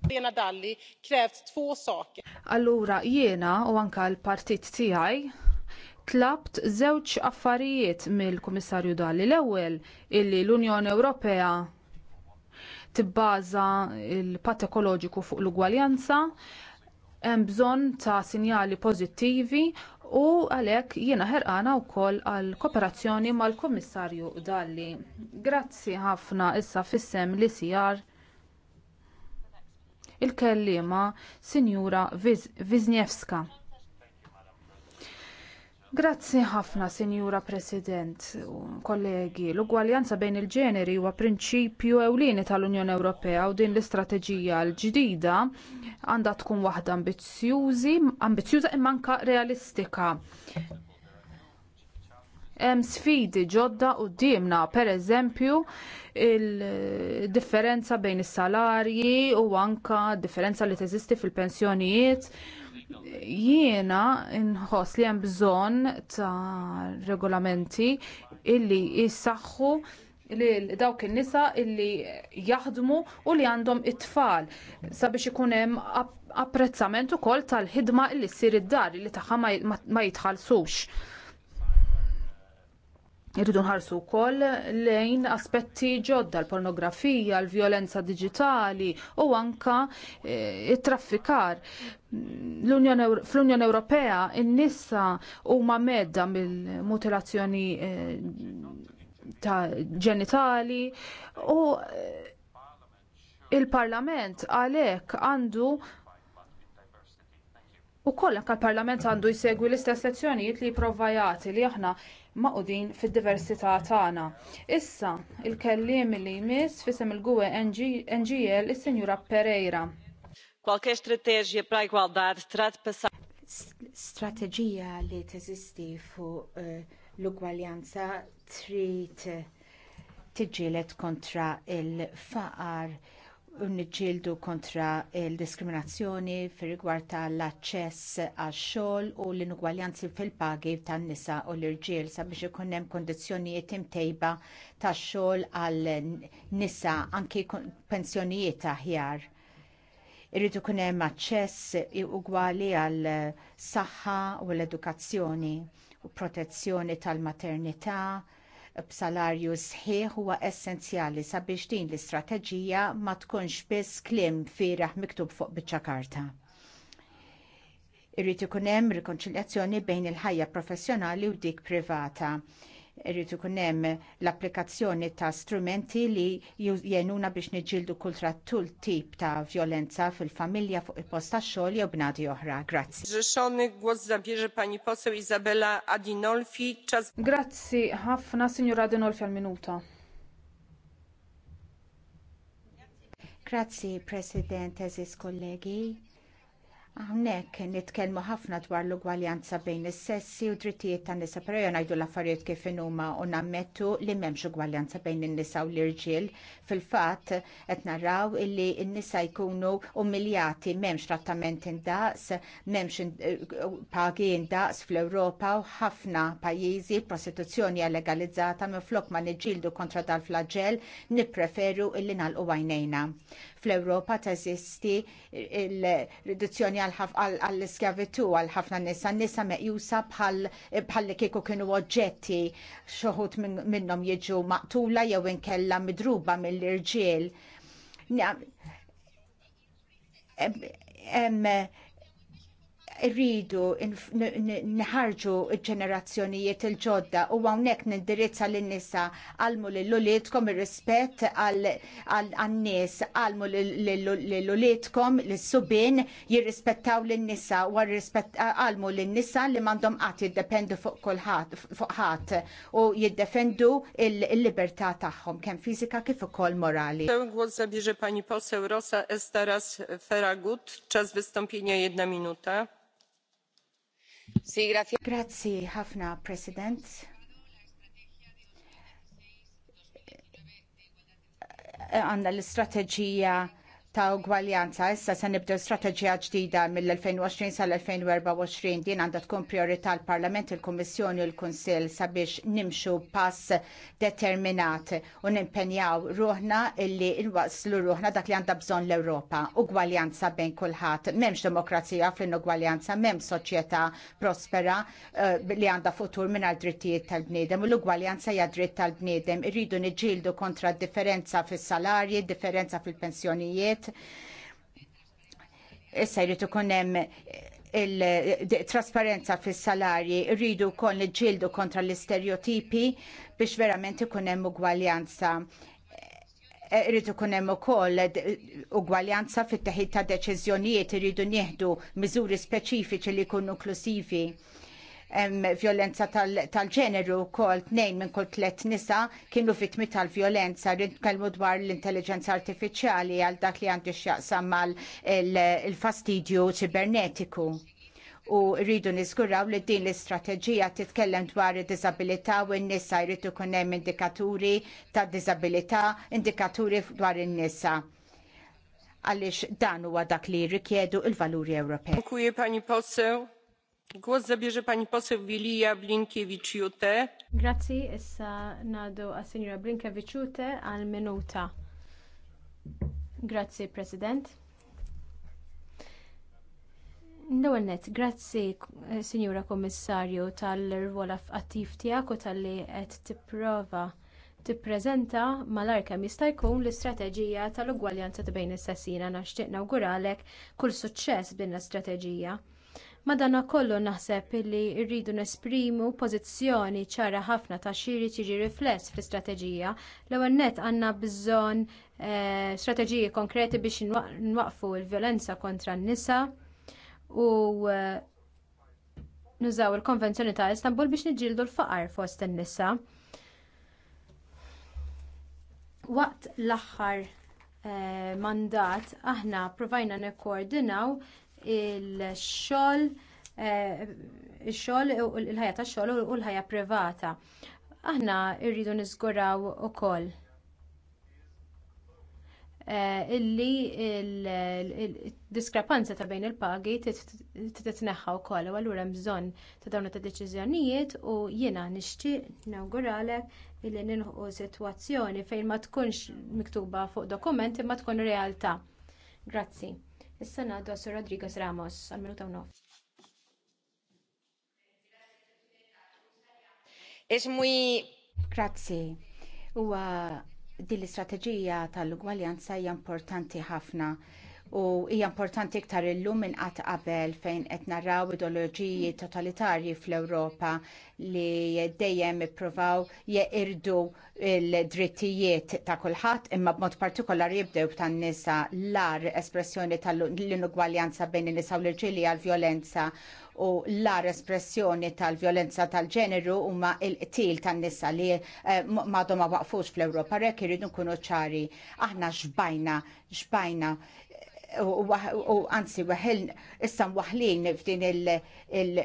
S4: Lena Dalli krevt tfu saker.
S3: Allura jiena u anka l-partit tiegħi tlabt żewġ affarijiet mill-Kummissarju Dalli. L-ewwel illi l-Unjoni Ewropea tibbaża l-patt ekoloġiku fuq l-ugwaljanza hemm bżonn ta' sinjali pożittivi u għalhekk jiena ħerqana wkoll għal kooperazzjoni mal-Kummissarju Dalli. Grazzi ħafna issa fissem li sijar il kelliema Sinjura Wisniewska. Grazzi ħafna, Sinjura President, kollegi. L-ugwaljanza bejn il-ġeneri huwa prinċipju ewlieni tal-Unjoni Ewropea u din l-istrateġija l-ġdida għandha tkun waħda ambizzjużi, ambizzjuża imma anke realistika. Hemm sfidi ġodda qudiemna, pereżempju, il-differenza bejn is-salarji u anke differenza li teżisti fil-pensjonijiet Jiena nħoss li hemm bżonn ta' regolamenti illi jissaħħu lil dawk in-nisa illi jaħdmu u li għandhom it-tfal sabiex ikun hemm apprezzament ukoll tal-ħidma li ssir id-dar li tagħha ma jitħallsux. Irridu nħarsu wkoll lejn aspetti ġodda l-pornografija, l-vjolenza digitali u anka e, it-traffikar. Fl-Unjoni Ewropea in-nisa huma medda mill-mutilazzjoni e, ta' ġenitali u e, il-Parlament għalhekk għandu U koll ka parlament għandu jsegwi l-istess lezzjonijiet li jipprova jagħti li aħna maqudin fid-diversità tagħna. Issa il-kelliem li jmiss fisem il-Gwe NGL is-Sinjura Pereira.
S2: Kwalke strateġija pra igualdad trat passa
S1: strateġija li teżisti fuq eh, l-ugwaljanza trid eh, tiġilet kontra il-faqar niġġieldu kontra l-diskriminazzjoni fir rigward tal-aċċess għax xogħol u l-inugwaljanzi fil-pagi tan-nisa u l-irġiel sabiex ikun hemm kondizzjonijiet imtejba tax xogħol għal nisa anki pensjonijiet aħjar. Iridu jkun hemm aċċess ugwali għal saħħa u l-edukazzjoni u protezzjoni tal-maternità, b'salarju sħiħ huwa essenzjali sabiex din l-istrateġija ma tkunx biss kliem firaħ miktub fuq biċċa karta. Irrid ikun hemm rikonċiljazzjoni bejn il-ħajja professjonali u dik privata Irrid ikun hemm l-applikazzjoni ta' strumenti li jenuna biex niġġieldu kultra tul tip ta' violenza fil-familja fuq il-post tax-xogħol jew bnadi oħra. Grazzi.
S4: Rzeszony głos zabierze pani poseł Izabela Adinolfi. Czas...
S3: Grazzi ħafna, signora Adinolfi, għal-minuta.
S1: Grazzi, President, eżis kollegi Hawnhekk nitkellmu ħafna dwar l-ugwaljanza bejn is-sessi u drittijiet tan-nisa, pero jew ngħidu l-affarijiet kif huma u nammettu li m'hemmx ugwaljanza bejn in-nisa u l-irġiel. Fil-fatt qed narraw illi n-nisa jkunu umiljati m'hemmx trattament indaqs, m'hemmx pagi indaqs fl-Ewropa u ħafna pajjiżi prostituzzjoni hija legalizzata minflok ma niġġieldu kontra dal-flagell nippreferu illi nagħlqu għajnejna. Fl-Ewropa teżisti il-riduzzjoni għall-iskjavitu għal ħafna nisa, nisa meqjusa bħal kieku kienu oġġetti xoħut minnhom jiġu maqtula jew inkella midruba mill-irġiel rridu nħarġu ġenerazzjonijiet il-ġodda u għawnek nindirizza l-nisa għalmu l-lulitkom il-rispet għal-nis għalmu l-lulitkom l-subin jirrispettaw l-nisa u għalmu l-nisa li mandom għat jiddependu fuq fuq ħat u jiddefendu il-libertà tagħhom kemm fizika kif ukoll morali.
S4: Głos zabierze pani poseł Rosa Estaras Feragut. Czas wystąpienia jedna minuta.
S1: Grazzi ħafna, President. Għanna l-istrateġija ta' ugwaljanza. Issa se nibdew strateġija ġdida mill-2020 sal-2024 din għandha tkun priorità l-Parlament, il-Kummissjoni u l-Kunsill sabiex nimxu pass determinat u nimpenjaw ruħna illi nwaslu ruħna dak li għandha bżonn l-Ewropa. Ugwaljanza bejn kulħadd. M'hemmx demokrazija fl ugwaljanza, m'hemm soċjetà prospera eh, li għandha futur mingħajr drittijiet tal-bniedem u l-ugwaljanza hija dritt tal-bniedem. Irridu niġġieldu kontra differenza fis-salarji, differenza fil-pensjonijiet, Issa jrid ikun hemm il-trasparenza fis salarji rridu wkoll niġġieldu kontra l-istereotipi biex verament ikun hemm ugwaljanza. Eh, irridu kun hemm ukoll ugwaljanza fit-teħid ta' deċiżjonijiet irridu nieħdu miżuri speċifiċi li jkunu inklusivi violenza tal-ġeneru tal kol tnejn minn t-let nisa kienu vittmi tal-violenza rinkalmu dwar l-intelligenza artificiali għal dak li għandu xjaqsam mal il-fastidju ċibernetiku u rridu niżguraw li din l-istrateġija titkellem dwar id-disabilità u n-nisa jridu kunem hemm indikaturi ta' disabilità, indikaturi dwar in-nisa għaliex dan huwa dak li rikjedu il-valuri
S4: Ewropej. Głos pani poseł Vilija Blinkiewicz-Jute.
S5: Grazzi, issa nadu a signora Blinkiewicz-Jute għal minuta. Grazzi, President. L-ewwel nett, Signora Kommissarju tal-rwol f'attiv tiegħek u tal-li qed tipprova tippreżenta malar kemm jista' jkun l-istrateġija tal-ugwaljanza bejn is-sessina naxtieq nawguralek kull suċċess din l-istrateġija. Madana kollu naħseb li rridu nesprimu pożizzjoni ċara ħafna ta' xiri tiġi rifless fl-istrateġija. L-ewwel nett għandna bżonn eh, strateġiji konkreti biex nwaqfu l-violenza kontra n-nisa u eh, nużaw il-Konvenzjoni ta' Istanbul biex niġġieldu l-faqar fost in-nisa. Waqt l-aħħar eh, mandat aħna provajna nikkoordinaw il-xogħol eh, il-xogħol il-ħajja tax-xogħol u l-ħajja privata. Aħna rridu niżguraw ukoll eh, illi il-diskrepanza ta' bejn il-pagi trid u wkoll u għallura mżon ta' dawna ta' deċizjonijiet u jiena nixtieq nawguralek illi ninħu situazzjoni fejn ma tkunx miktuba fuq dokumenti ma tkun realtà. Grazzi. Issa għaddu għas Rodriguez Ramos għal minuta u nof.
S1: Ismwi. Grazzi. U din l tal-ugwaljanza hija importanti ħafna u hija importanti iktar illum minn qatt qabel fejn qed naraw ideoloġiji totalitarji fl-Ewropa li dejjem ippruvaw jeqirdu l-drittijiet ta' kulħadd imma b'mod partikolari jibdew tan-nisa l-ar espressjoni tal-inugwaljanza bejn in-nisa u l-irġieli għall vjolenza u l-ar espressjoni tal-vjolenza tal-ġeneru huma il-qtil tan-nisa li eh, m'għadhom ma waqfux fl-Ewropa rek irridu nkunu ċari. Aħna xbajna, xbajna u anzi waħel issa waħlin f'din il-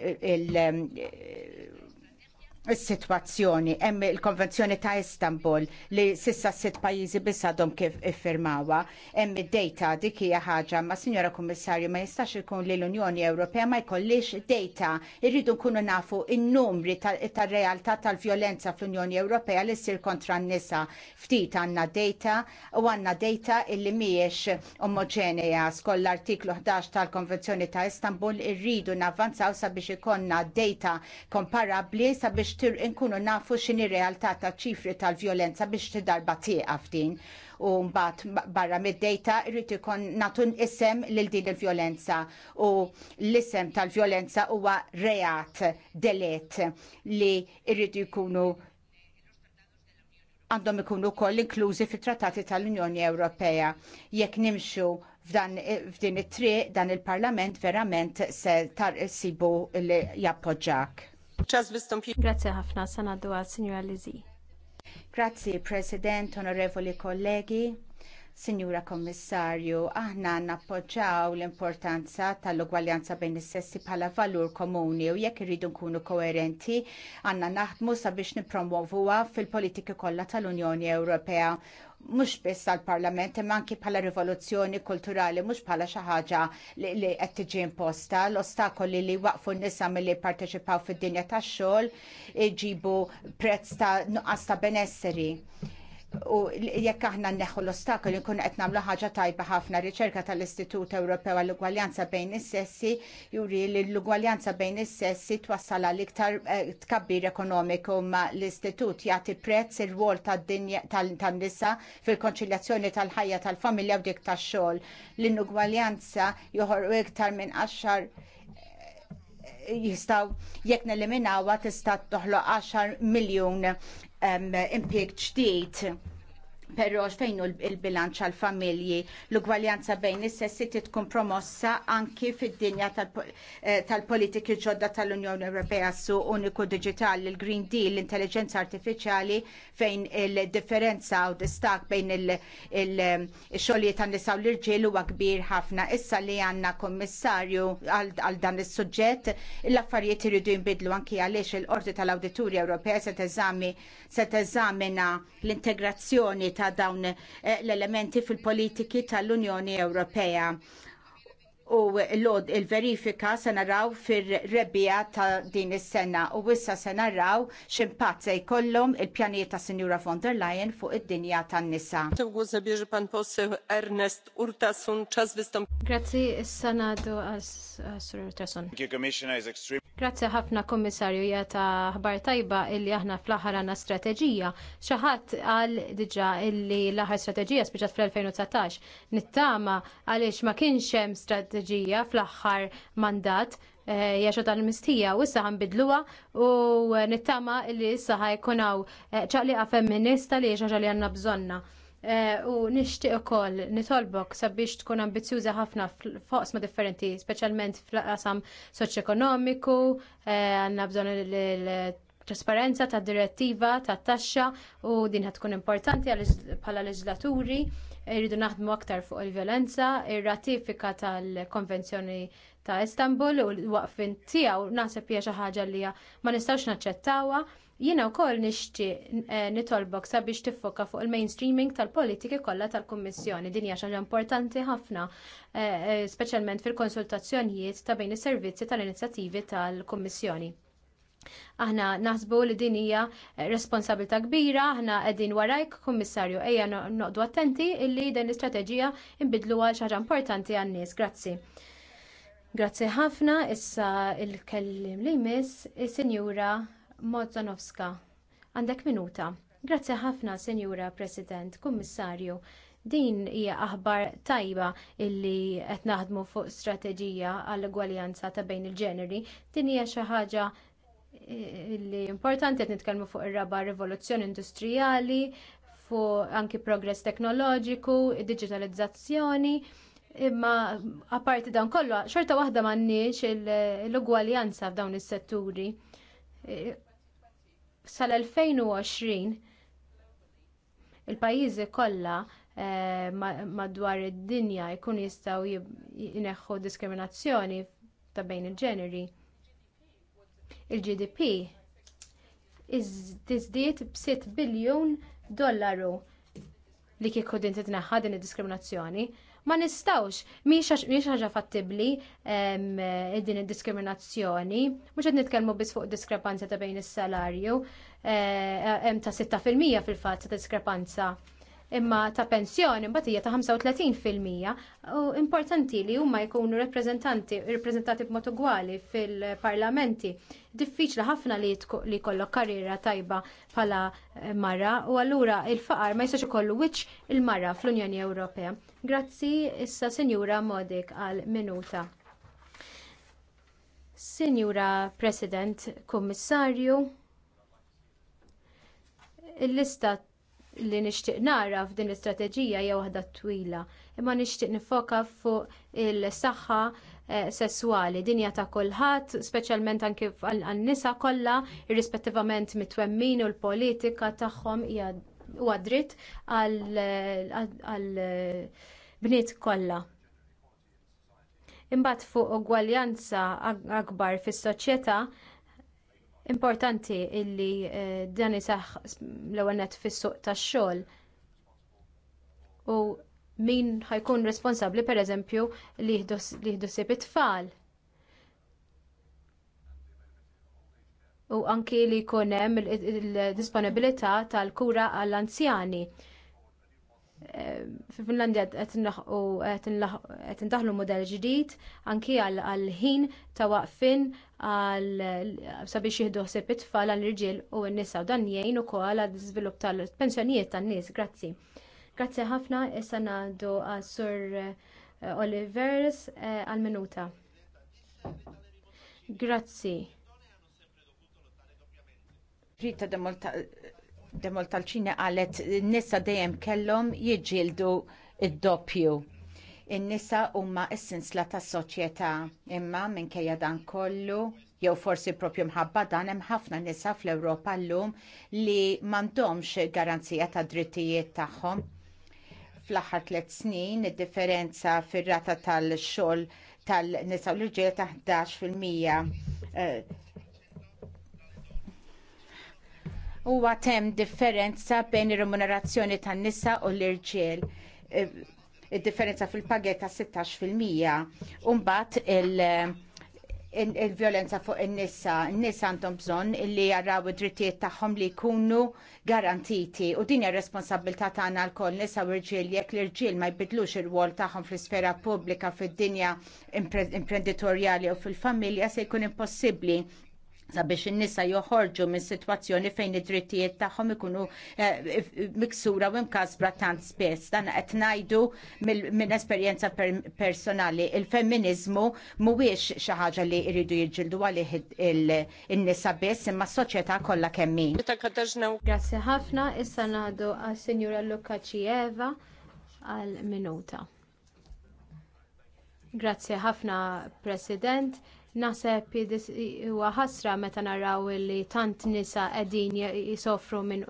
S1: is-sitwazzjoni hemm il-Konvenzjoni ta' Istanbul li sissa sitt pajjiżi biss għadhom kif iffirmawha, hemm id-data dik hija ħaġa, ma Sinjora Kummissarju ma jistax ikun li l-Unjoni Ewropea ma jkollix data, irridu nkunu nafu in-numri tar-realtà tal-vjolenza fl-Unjoni Ewropea li ssir kontra n-nisa. Ftit għandna data u għandna data illi mhijiex omogenea skoll l-artiklu 11 tal-Konvenzjoni ta' Istanbul irridu navvanzaw sabiex ikonna data komparabbli sabiex tir nkunu nafu x'inhi realtà ta' ċifri tal-vjolenza biex tidarba tieqaf din u mbagħad barra mid-dejta irrid ikun nagħtu isem lil din il-vjolenza u l-isem tal-vjolenza huwa reat delet li irridu jkunu għandhom ikunu wkoll inklużi fit-trattati tal-Unjoni Ewropea. Jekk nimxu f'din it-triq dan il-Parlament verament se tar sibu li jappoġġak. Grazie ħafna, sanaddu għal Signora Lizzie. Grazie, President, onorevoli kollegi. Signora Kommissarju, aħna nappoġġaw l-importanza tal-ugwaljanza bejn is-sessi bħala valur komuni u jekk irridu nkunu koerenti, għandna naħdmu sabiex nippromovuha fil-politiki kollha tal-Unjoni Ewropea mhux biss għall-Parlament imma anki bħala rivoluzzjoni kulturali mhux bħala xi ħaġa li qed tiġi imposta l-ostakoli li waqfu n-nisa milli jipparteċipaw fid-dinja tax-xogħol iġibu prezz ta' nuqqas ta' benesseri u jekk aħna nneħħu l-ostakoli nkun qed nagħmlu ħaġa tajba ħafna riċerka tal-Istitut Ewropew għall-Ugwaljanza bejn is-sessi juri li l-ugwaljanza bejn is-sessi twassal għal iktar eh, tkabbir ekonomiku ma l-Istitut jagħti prezz ir-rwol tan-nisa fil-konċiljazzjoni tal-ħajja tal-familja u dik tax-xogħol. L-inugwaljanza joħorqu iktar minn 10 eh, jistaw jekk neliminawa tista' toħloq 10 miljun Um, impjeg ġdid Però fejn il-bilanċ għal familji l-ugwaljanza bejn is-sessi tkun promossa anki fid-dinja eh, tal-politiki ġodda tal-Unjoni Ewropea su uniku digitali, il-Green Deal, l-intelligenza artifiċjali fejn il-differenza u distak bejn il-xogħlijiet tan nisa l-irġiel huwa kbir ħafna. Issa li għandna kommissarju għal dan is-suġġett, l-affarijiet iridu jinbidlu anki għaliex il-Qorti tal-Awditurja Ewropea se teżamina l-integrazzjoni ta' dawn eh, l-elementi fil-politiki tal-Unjoni Ewropea u l od il-verifika se naraw fir-rebbija ta' din is-sena u wissa se naraw x'impatt se jkollhom il-pjanijiet ta' Signora von der Leyen fuq id-dinja tan-nisa.
S4: Ernest Urtasun
S5: Grazzi is-Senadu għas Sur Urtasun. Grazzi ħafna kommissarju jata ta' ħbar tajba illi aħna fl-aħħar għandna strateġija. Xi ħadd qal diġà illi l-aħħar strateġija spiċat fl-2019. Nittama għaliex ma kienx hemm strateġija fl-aħħar mandat eh, jaxa tal-mistija u issa ħanbidluwa u nittama illi issa ħajkunaw eh, ċaqli għafem minnista li jaxa li għanna bżonna. Eh, u nixtieq ukoll nitolbok sabiex tkun ambizzjuża ħafna f'oqsma differenti, speċjalment fl-qasam soċ-ekonomiku, eh, għandna bżonn il-trasparenza tad direttiva tat taxxa u din tkun importanti bħala leġislaturi irridu naħdmu aktar fuq il-violenza, ir-ratifika tal-Konvenzjoni ta' Istanbul u l-waqfin tiegħu naħseb hija xi ħaġa li ma nistgħux naċċettawha Jiena wkoll nixtieq eh, nitolbok sabiex tiffoka fuq il-mainstreaming tal-politiki kollha tal-Kummissjoni. Din hija xaġa importanti ħafna, eh, eh, speċjalment fil-konsultazzjonijiet ta' bejn is-servizzi tal-inizjattivi tal-Kummissjoni. Aħna naħsbu li din hija responsabilità kbira, aħna qegħdin warajk, kummissarju, ejja noqdu attenti illi din l-istrateġija inbidlu għal ħaġa importanti għan-nies. Grazzi. Grazzi ħafna, issa il-kellim li jmiss, is-Sinjura Mozanowska. Għandek minuta. Grazzi ħafna, Senjura President, Kummissarju. Din hija aħbar tajba illi qed naħdmu fuq strateġija għall-egwaljanza ta' bejn il-ġeneri. Din hija xi ħaġa eh, li importanti qed nitkellmu fuq ir-raba rivoluzzjoni industrijali, fuq anki progress teknoloġiku, digitalizzazzjoni. Imma apparti dan kollu, xorta waħda m'għandniex l-ugwaljanza f'dawn is-setturi. Eh, sal-2020 il-pajjiżi kollha eh, madwar id-dinja jkun jistgħu jneħħu diskriminazzjoni ta' bejn il-ġeneri. Il-GDP tiżdied b'6 biljun dollaru li kieku din titneħħa din id-diskriminazzjoni. Ma nistawx, miex ħaġa fattibli din id-diskriminazzjoni, mux għed nitkelmu bis fuq diskrepanza ta' bejn is-salarju, hemm eh, ta' 6% fil-fatt ta' diskrepanza imma ta' pensjoni mbagħad hija ta' 35% u importanti li huma jkunu rappreżentanti rappreżentati b'mod ugwali fil-parlamenti diffiċli ħafna li, li kollok karriera tajba bħala eh, marra u allura il-faqar ma jistax ikollu wiċċ il-marra fl-Unjoni Ewropea. Grazzi issa Sinjura Modik għal minuta. Sinjura President, Kummissarju, il-lista li nixtieq nara f'din l-istrateġija hija waħda twila, imma nixtieq nifoka fuq il-saħħa Eh, sesswali, dinja ta' kulħadd, speċjalment anke għal nisa kollha, irrispettivament mit-twemmin u l-politika tagħhom hija huwa dritt għal eh, bniet kollha. Imbagħad fuq ugwaljanza akbar fis-soċjetà, importanti illi eh, dan isaħ l-ewwel net fis-suq tax-xogħol. U min ħajkun responsabli per eżempju li jihdossib it-tfal. U anki li jkun hemm il-disponibilità tal-kura għall-anzjani. Ehm, fi Finlandja qed indaħlu model ġdid anki għall-ħin ta' waqfin għal sabiex jihdossib it-tfal għall-irġiel u n-nisa u dan jgħin ukoll għal-iżvilupp tal-pensjonijiet tan-nies. Grazzi. Grazzi ħafna, issa ngħaddu eh, eh, għal sur Olivers għal-minuta. Grazzi.
S1: Rita Demol tal-ċina għalet n-nisa dejjem kellhom jiġġieldu id-doppju. In-nisa huma essenzla tas-soċjetà, imma minkejja dan kollu jew forsi propju mħabba dan hemm ħafna nisa fl-Ewropa llum li m'għandhomx garanzija ta' drittijiet tagħhom fl-aħħar tliet snin id-differenza fir-rata tal-xogħol tal-nisa u l-irġiel ta' 11 eh, Huwa tem differenza bejn ir-remunerazzjoni tan-nisa u l-irġiel eh, id-differenza fil pagetta ta' 16 fil-mija. Umbat il- il-violenza fuq in nissa n-nisa għandhom bżonn li jaraw id-drittijiet tagħhom li jkunu garantiti u din ir responsabilità tagħna lkoll nisa u rġiel jekk l-irġiel ma jbidlux ir-wol tagħhom fl-isfera pubblika fid-dinja imprenditorjali u fil-familja se jkun impossibbli sabiex in-nisa joħorġu minn sitwazzjoni fejn id-drittijiet tagħhom ikunu eh, miksura u mkasbra tant spess. Dan qed ngħidu minn esperjenza personali. il femminiżmu mhuwiex xi ħaġa li jridu jiġġieldu għalih in-nisa biss imma s-soċjetà kollha kemm hi. Grazzi ħafna,
S5: issa ngħadu għas-Sinjura Luka Ċieva għal minuta. Grazzi ħafna, President Naħseb huwa ħasra meta naraw li tant nisa qegħdin jisofru minn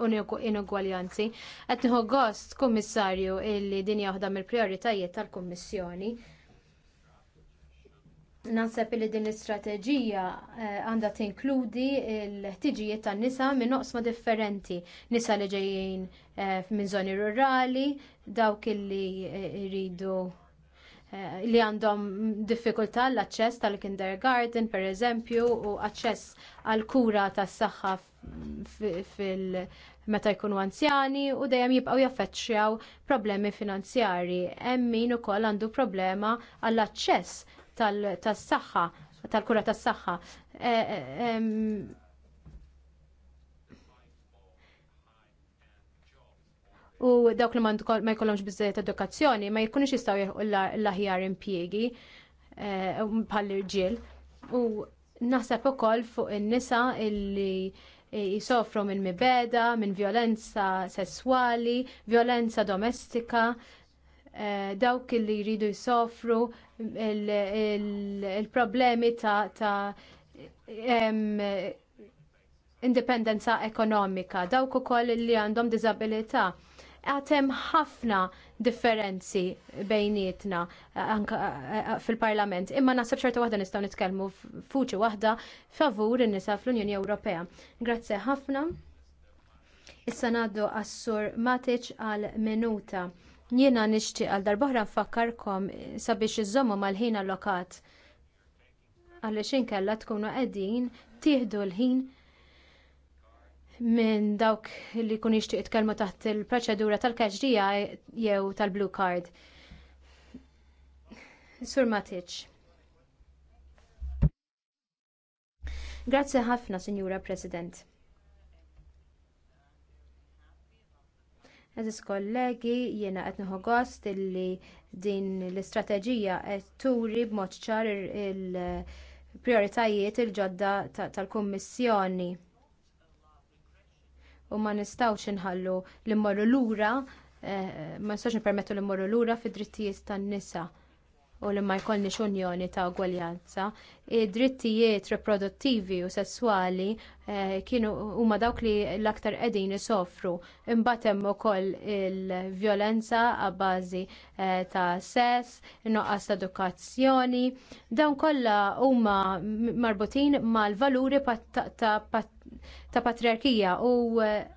S5: inugwaljanzi. Qed nieħu gost, Kummissarju, illi din hija waħda mill-prijoritajiet tal-Kummissjoni. Naħseb li din l-istrateġija eh, għandha tinkludi l-ħtiġijiet tan-nisa minn oqsma differenti, nisa li ġejjin eh, minn żoni rurali, dawk illi jridu eh, Eh, li għandhom diffikultà l-aċċess tal-kindergarten, per eżempju, u aċċess għal kura tas saħħa fil meta jkunu anzjani u dejjem jibqgħu jaffettxjaw problemi finanzjarji. Hemm min ukoll għandu problema għall aċċess tas-saħħa tal-kura tas-saħħa. Eh, eh, u dawk li ma jkollhomx biżżejjed edukazzjoni ma jkunux jistgħu jilħu l-aħjar impjiegi eh, um, bħal irġiel. U naħseb ukoll fuq in-nisa illi eh, jisofru minn mibeda, minn violenza sessuali, violenza domestika, eh, dawk li jridu jisofru il-problemi ta' indipendenza ekonomika, dawk ukoll li għandhom diżabilità għatem ħafna differenzi bejnietna eh, eh, eh, fil-parlament. Imma nasab ċerta wahda nistaw nitkelmu fuċi wahda favur n-nisa fl-Unjoni Ewropea. Grazie ħafna. Issa naddu għassur Matic għal minuta. Jiena nixtieq għal darbohra nfakkarkom sabiex iżommu mal-ħin allokat. Għaliex inkella tkunu qegħdin tieħdu l-ħin minn dawk li kun ixtieq itkellmu taħt il-proċedura tal-kaġdija jew tal-blue card. Sur Matic. Grazzi ħafna, Sinjura President. Eżis kollegi, jiena qed nieħu gost illi din l-istrateġija qed turi b'mod ċar il-prioritajiet il-ġodda tal-Kummissjoni u ma nistawx inħallu li mmorru lura, eh, ma nistawx nipermettu li mmorru lura fid-drittijiet tan-nisa u li ma jkollniex unjoni ta' ugwaljanza. Id-drittijiet riproduttivi u sessuali eh, kienu huma dawk li l-aktar qegħdin jisofru imbatem hemm ukoll il-vjolenza għabbażi eh, ta' sess, inqas ta' edukazzjoni. Dawn kollha huma marbutin mal-valuri ta' ta' patriarkija u eh,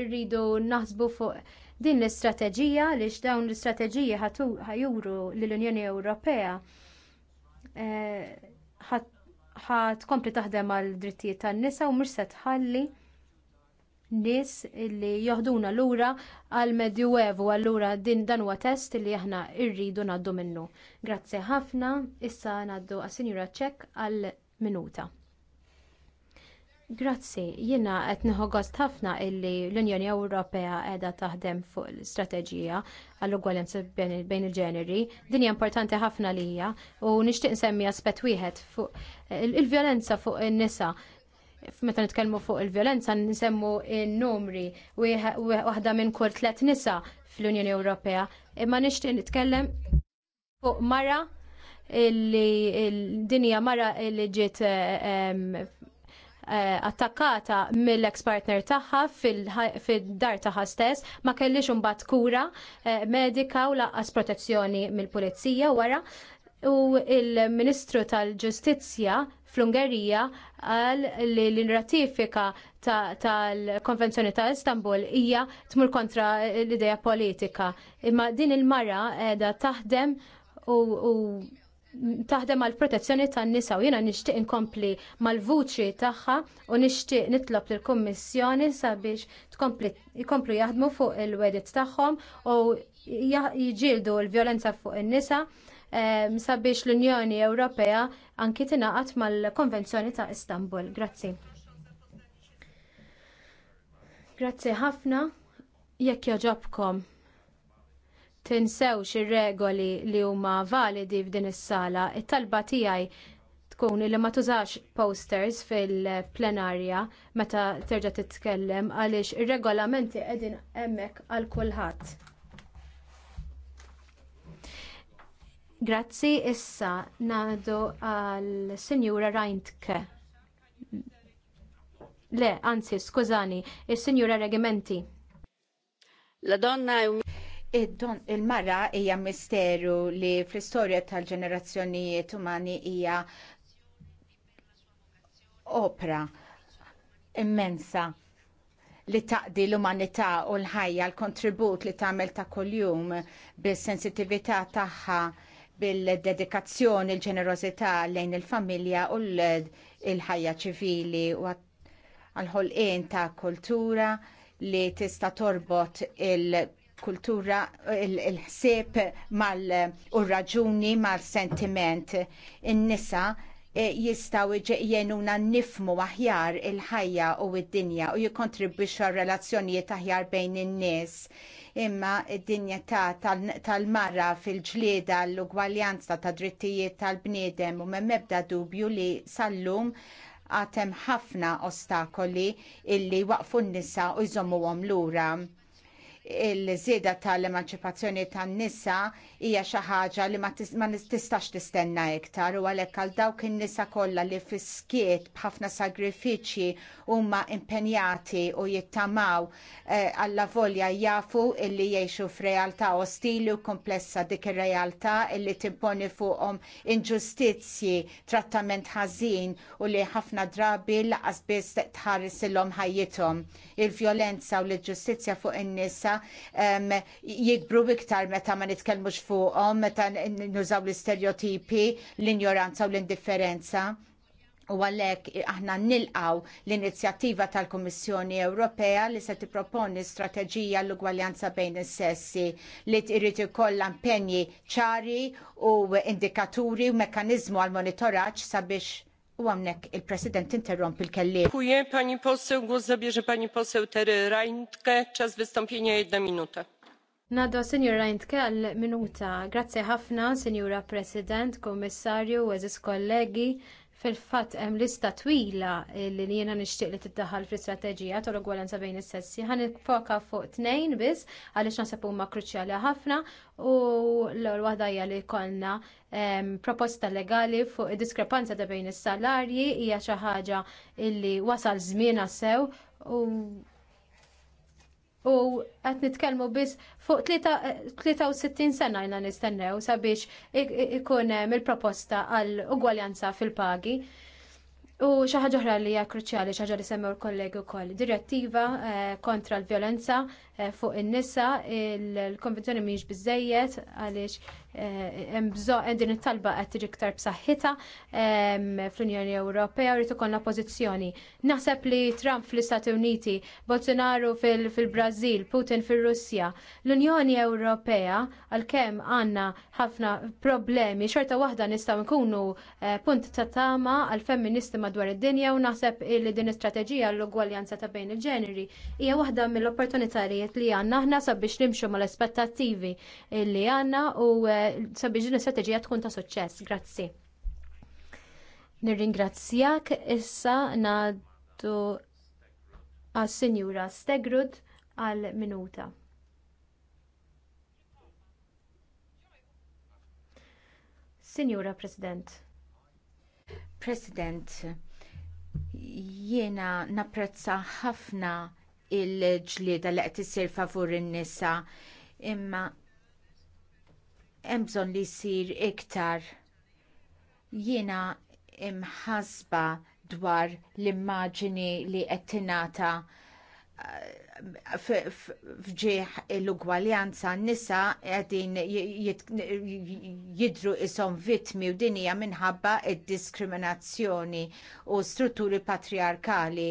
S5: rridu naħsbu fuq din l-istrateġija li dawn l-istrateġija ħajuru l-Unjoni Ewropea eh, ħat kompli taħdem għal drittijiet tan-nisa u mhux se tħalli nies li joħduna lura għal evu allura din dan huwa test li aħna rridu naddu minnu. Grazzi ħafna, issa ngħaddu għas-Sinjura Ċek għal minuta. Grazzi, jiena qed nieħu ħafna illi l-Unjoni Ewropea qiegħda taħdem fuq l-istrateġija għall-ugwaljanza bejn il-ġeneri. Din hija importanti ħafna lija u nixtieq nsemmi aspett wieħed fuq il-vjolenza fuq in-nisa. Meta nitkellmu fuq il-vjolenza nsemmu in numri waħda minn kull tliet nisa fl-Unjoni Ewropea. Imma nixtieq nitkellem fuq mara il dinja mara illi ġiet eh, Eh, attakkata mill-ex partner tagħha fid-dar tagħha stess, ma kellix imbagħad kura eh, medika u laqqas protezzjoni mill-pulizija wara. U il-Ministru tal-Ġustizzja fl-Ungerija għal li l-ratifika tal-Konvenzjoni ta' Istanbul hija tmur kontra l-ideja politika. Imma din il-mara edha taħdem u taħdem għal protezzjoni tan nisa u jiena nixtieq inkompli mal-vuċi tagħha u nixtieq nitlob lill kummissjoni sabiex jkomplu jaħdmu fuq il-wedit tagħhom u jiġildu l-vjolenza fuq in-nisa eh, sabiex l-Unjoni Ewropea anki tingħaqad mal-Konvenzjoni ta' Istanbul. Grazzi. Grazzi ħafna jekk joġobkom tinsewx ir-regoli li huma validi f'din is-sala. It-talba tiegħi tkun li ma tużax posters fil-plenarja meta terġa' titkellem għaliex ir-regolamenti qegħdin hemmhekk għal kulħadd. Grazzi issa nagħdu għal Sinjura Reintke. Le, anzi, skużani, is-Sinjura Regimenti.
S1: La donna Id-don il-mara hija misteru li fl-istorja tal-ġenerazzjonijiet umani hija opra immensa li taqdi l-umanità u l-ħajja l-kontribut li tagħmel ta' kuljum bis-sensitività tagħha bil-dedikazzjoni, l-ġenerosità lejn il-familja u l-ħajja ċivili u għal ħolqien ta' kultura li tista' torbot il- kultura il-ħsieb u raġuni mal-sentiment. In-nisa eh, jistaw jenuna nifmu aħjar il-ħajja u id-dinja u jikontribwixu għal relazzjonijiet aħjar bejn in-nies. Imma id dinja tal-marra fil-ġlieda l-ugwaljanza ta' drittijiet tal-bniedem u mebda dubju li sal-lum għatem ħafna ostakoli illi waqfu n-nisa u jżommuhom lura il-żieda tal-emanċipazzjoni tan-nisa hija xi ħaġa li ma tistax tistenna iktar u għalhekk għal dawk in-nisa kollha li fis-skiet b'ħafna sagrifiċċji huma impenjati u jittamaw eh, alla volja jafu illi jgħixu f'realtà ostili u komplessa dik ir-realtà illi timponi fuqhom inġustizzji, trattament ħażin u li ħafna drabi laqas biss tħarrisilhom ħajjithom. Il-vjolenza u l-ġustizzja fuq in-nisa um, jikbru iktar meta ma nitkellmux fuqhom, meta nużaw l-istereotipi, l-injoranza u l-indifferenza. U għalek aħna nilqaw l-inizjattiva tal-Kommissjoni Ewropea li se tipproponi strateġija l-ugwaljanza bejn is-sessi li trid ikollha impenji ċari u indikaturi u mekkaniżmu għal monitoraġġ sabiex U il-President interromp il-kelli.
S4: Dziękuję pani poseł. Głos zabierze pani poseł Tery Reintke. Czas wystąpienia jedna minuta.
S5: Nada, Senjur Reintke, għal-minuta. Grazie ħafna, Senjura President, Kommissarju, Eżis kollegi. Fil-fatt hemm lista twila li jiena nixtieq li tiddaħħal fl-istrateġija tal-ugwalanza bejn is-sessi. Ħan nifoka fuq tnejn biss għaliex naħseb huma kruċjali ħafna u l-ewwel waħda hija li jkollna ehm, proposta legali fuq id-diskrepanza ta' bejn is-salarji hija xi ħaġa li wasal żmien sew u u qed nitkellmu biss fuq 63 sena jina nistennew sabiex ikun hemm il-proposta għal ugwaljanza fil-pagi. U xi ħaġa oħra li hija kruċjali xi ħaġa li semmu l kollegi wkoll. Direttiva eh, kontra l-vjolenza eh, fuq in-nisa, il-konvenzjoni miġ biżejjed għaliex Eh, hemm din it-talba qed tiġi iktar b'saħħitha fl-Unjoni Ewropea u rrid ikollna pożizzjoni. Naħseb li Trump fl-Istati Uniti, Bolsonaro fil-Brażil, Putin fir-Russja, l-Unjoni Ewropea għalkemm għandna ħafna problemi xorta waħda nistgħu nkunu eh, punt ta' tama għal femministi madwar id-dinja u naħseb li din istrateġija l-ugwaljanza ta' bejn il-ġeneri hija waħda mill-opportunitarijiet li għandna aħna sabiex nimxu mal-aspettattivi li għandna u eh, sabiex din l tkun ta' suċċess. Grazzi. Nirringrazzjak issa ngħaddu għas-Sinjura Stegrud għal minuta.
S1: Sinjura President. President, jiena napprezza ħafna il-ġlieda li qed isir favur in-nisa imma hemm bżonn li jsir iktar. Jiena imħasba dwar l-immaġini li qed tingħata eh, fġieħ l-ugwaljanza n-nisa qegħdin jidru isom vitmi u dinija minħabba id-diskriminazzjoni u strutturi patriarkali.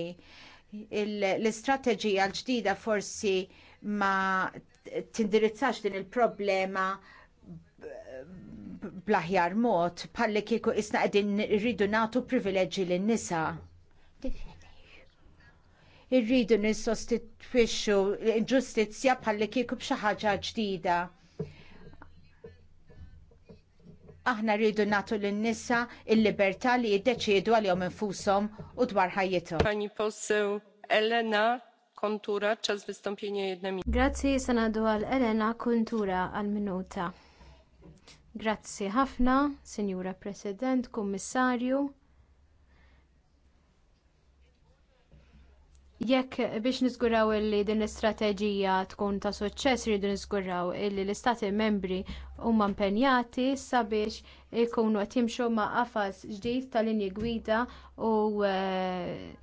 S1: L-istrateġija l-ġdida forsi ma tindirizzax din il-problema blaħjar mod palli kieku isna qegħdin rridu nagħtu privileġġi lin nisa Irridu nissostitwixxu l-ġustizzja palli kieku b'xi ħaġa ġdida. Aħna rridu nagħtu lin nisa il-libertà li jiddeċiedu għalihom infushom u dwar ħajjitu.
S4: Pani posew Elena Kontura ċas wystąpienie
S5: jedna minuta. Grazzi sanadu għal Elena Kontura għal minuta. Grazzi ħafna, Sinjura President, Kummissarju. Jekk biex niżguraw li din l-istrateġija tkun ta' suċċess rridu niżguraw li l-istati membri huma impenjati sabiex ikunu qed jimxu ma' qafas ġdid tal-linji gwida u uh,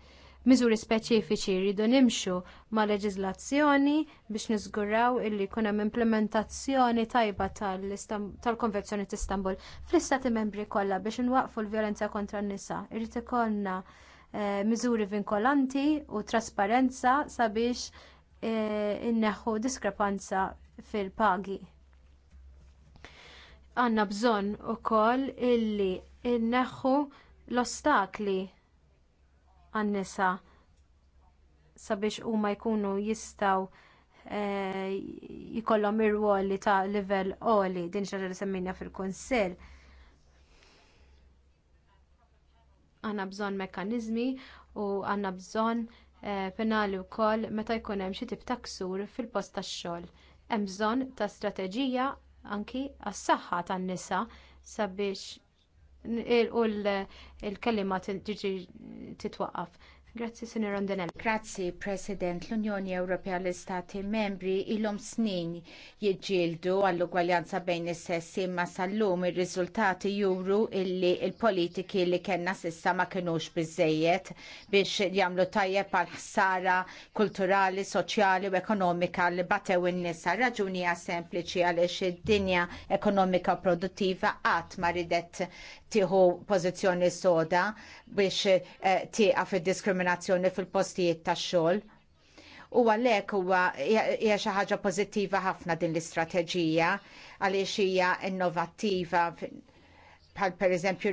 S5: miżuri speċifiċi jridu nimxu ma' leġiżlazzjoni biex niżguraw illi jkun hemm implementazzjoni tajba tal-Konvenzjoni ta' Istanbul fl-istati membri kollha biex inwaqfu l-vjolenza kontra n-nisa. Jrid ikollna eh, miżuri vinkolanti u trasparenza sabiex eh, inneħħu diskrepanza fil-pagi. Għanna bżonn ukoll illi inneħħu l-ostakli għan-nisa sabiex huma jkunu jistgħu eh, jkollhom ir-ruoli ta' livell għoli din xaġa li semmejna fil-Kunsill. Għandna bżonn mekkaniżmi u għandna bżonn eh, penali wkoll meta jkun hemm xi tip ta' ksur fil-post tax-xogħol. Hemm bżonn ta' strateġija anki għas-saħħa tan-nisa sabiex il l-kellima
S1: titwaqqaf. Grazzi, Signor Rondenel. Grazzi, President. L-Unjoni Ewropea l-Istati membri ilhom snin jiġġieldu għall-ugwaljanza bejn is-sessi imma sal-lum ir-riżultati juru illi il-politiki li kellna sissa ma kinux biżejjed biex jagħmlu tajjeb għal ħsara kulturali, soċjali u ekonomika li batew in-nisa. Raġuni hija sempliċi għaliex id-dinja ekonomika produttiva qatt ma ridet tieħu pożizzjoni soda biex eh, tieqa fid-diskriminazzjoni diskriminazzjoni fil-postijiet tax-xogħol u għalek huwa hija xi ħaġa pożittiva ħafna din l-istrateġija għaliex hija innovattiva pal per eżempju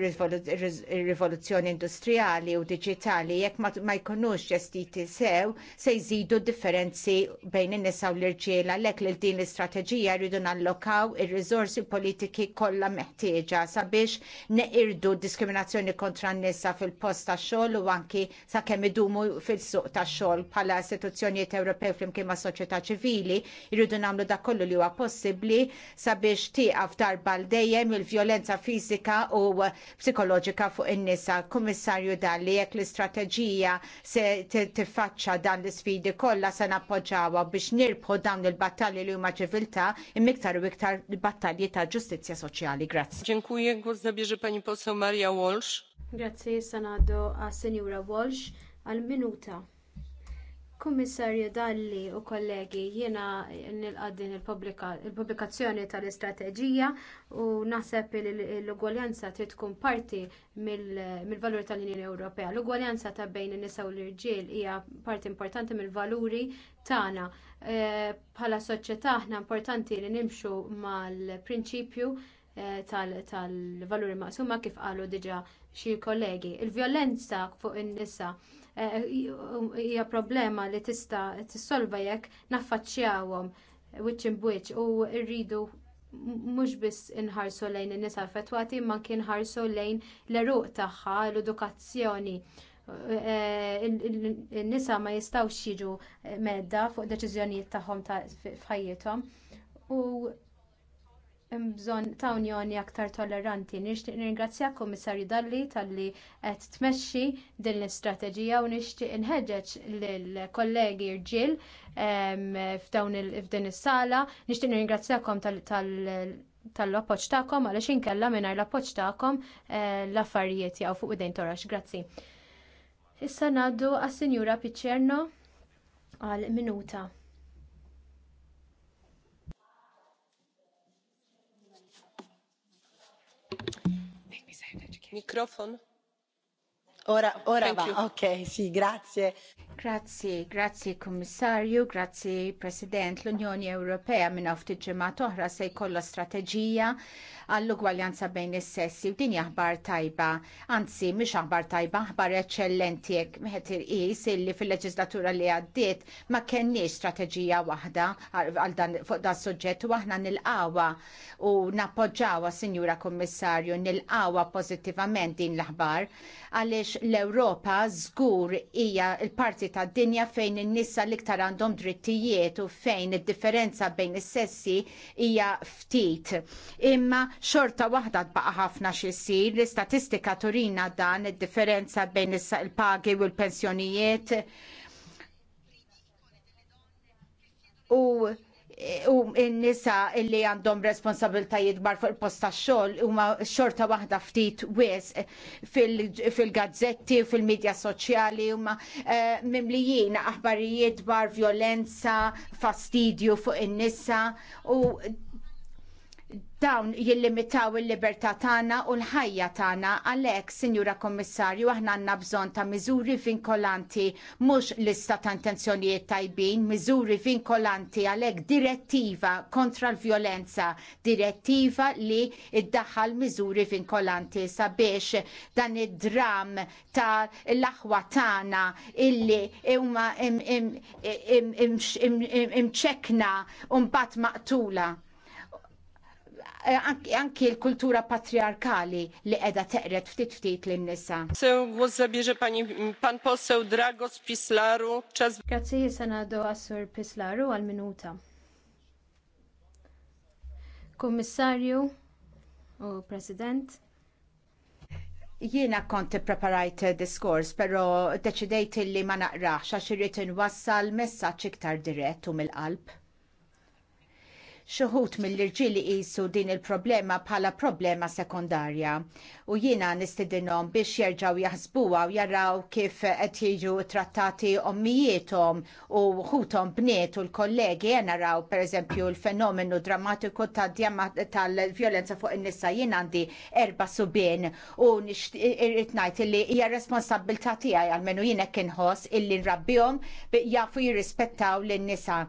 S1: rivoluzzjoni industrijali u digitali, jekk ma jkunux ġestiti sew, se jżidu differenzi bejn in-nisa u l-irġiel għalhekk li din l-istrateġija jridu nallokaw ir-riżorsi politiki kollha meħtieġa sabiex neqirdu diskriminazzjoni kontra n-nisa fil-post tax-xogħol u anki sakemm idumu fil-suq tax-xogħol bħala istituzzjonijiet Ewropew flimkien ma' soċjetà ċivili jridu nagħmlu dak kollu li huwa possibbli sabiex tieqaf darba l dejjem il-vjolenza fiżika fizika u psikoloġika fuq in-nisa. Kummissarju Dalli jekk l-istrateġija se tiffaċċa dan l-isfidi kollha se nappoġġawha biex nirbħu dawn il-battalji li huma ċiviltà imiktar u iktar battalji ta' ġustizzja soċjali. Grazzi.
S5: Dziękuję. Głos
S4: zabierze pani poseł Maria
S1: Walsh.
S5: Grazzi, sanado a Senjura Walsh għal minuta. Kummissarju Dalli u kollegi jiena nilqaddin il-pubblikazzjoni tal-istrateġija u naħseb l-ugwaljanza trid tkun parti mill-valur tal-Unjoni Ewropea. L-ugwaljanza ta' bejn in-nisa u l-irġiel hija parti importanti mill-valuri tagħna. Eh, bħala soċjetà aħna importanti li nimxu mal-prinċipju Eh, tal-valuri maqsuma kif qalu diġa xi kollegi. Il-vjolenza fuq in-nisa eh, hija problema li tista' tissolva jekk naffaċċjawhom wiċċ imbuċ u rridu mhux biss inħarsu lejn in-nisa affettwati ma kien ħarsu lejn l-eruq tagħha, l-edukazzjoni. Eh, in-nisa ma jistgħux jiġu medda fuq deċiżjonijiet tagħhom f'ħajjithom. U bżon bżonn ta' unjoni aktar tolleranti. Nixtieq nirringrazzjak Kummissarju Dalli talli qed tmexxi din l-istrateġija u nixtieq inħeġġeġ lill-kollegi rġil f'dawn f'din is-sala. Nixtieq nirringrazzjakom tal-appoġġ tagħkom għaliex inkella mingħajr l-appoġġ tagħkom eh, l-affarijiet jaw fuq id-dejn torax. Grazzi. Issa ngħaddu għas-Sinjura Piċerno għal minuta.
S4: mikrofon
S1: Ora, ora va, ok, sì, grazie. Grazie, grazie Kummissarju, grazie President. L-Unjoni Ewropea minn ftit ġimgħat oħra se jkollha strateġija għall-ugwaljanza bejn is-sessi u din aħbar tajba. Anzi, mhix aħbar tajba, aħbar eċċellenti jekk meħed irqis illi fil-leġislatura li għaddiet ma kenniex strateġija waħda għal dan fuq dan suġġett u aħna nilqawa u nappoġġawha Sinjura Kummissarju nilqawa pożittivament din l-aħbar għaliex l-Ewropa żgur hija l-parti tad dinja fejn in-nisa l-iktar għandhom drittijiet u fejn id-differenza bejn is-sessi hija ftit. Imma xorta waħda tbaqa' ħafna x'isir, l-istatistika turina dan id-differenza bejn il-pagi u l-pensjonijiet. U u n-nisa illi għandhom responsabiltajiet bar fuq il-post tax-xogħol huma xorta waħda ftit wis fil-gazzetti u fil-medja soċjali huma eh, mimlijin aħbarijiet bar violenza, fastidju fuq in-nisa u dawn jillimitaw il-libertà tagħna u l-ħajja tagħna għalhekk, Sinjura Kommissarju, aħna għandna bżonn ta' miżuri vinkolanti mhux lista ta' intenzjonijiet tajbin, miżuri vinkolanti għalhekk direttiva kontra l-vjolenza, direttiva li iddaħħal miżuri vinkolanti sabiex dan id-dram ta' l-aħwa tagħna illi huma imċekna u mbagħad maqtula anki l-kultura patriarkali li qiegħda teqret ftit ftit lin nisa
S4: Głos zabierze pani pan poseł Dragos Pislaru.
S1: Grazie senado Assur Pislaru għal minuta. Kommissarju u President. Jiena kont preparajt diskors, pero deċidejt li ma naqrax għax irrid inwassal messaġġ iktar dirett u mill-qalb. Xuħut mill-irġieli qisu din il-problema bħala problema sekundarja u jiena nistidinhom biex jerġgħu jaħsbuha u jaraw kif qed jiġu trattati ommijietom u ħutom bniet u l-kollegi naraw pereżempju l-fenomenu drammatiku tal-vjolenza fuq in-nisa jien għandi erba subien u irritnajt ngħid li hija responsabilità tiegħi għalmenu jien kienħos inħoss illi nrabbihom jafu jirrispettaw lin-nisa.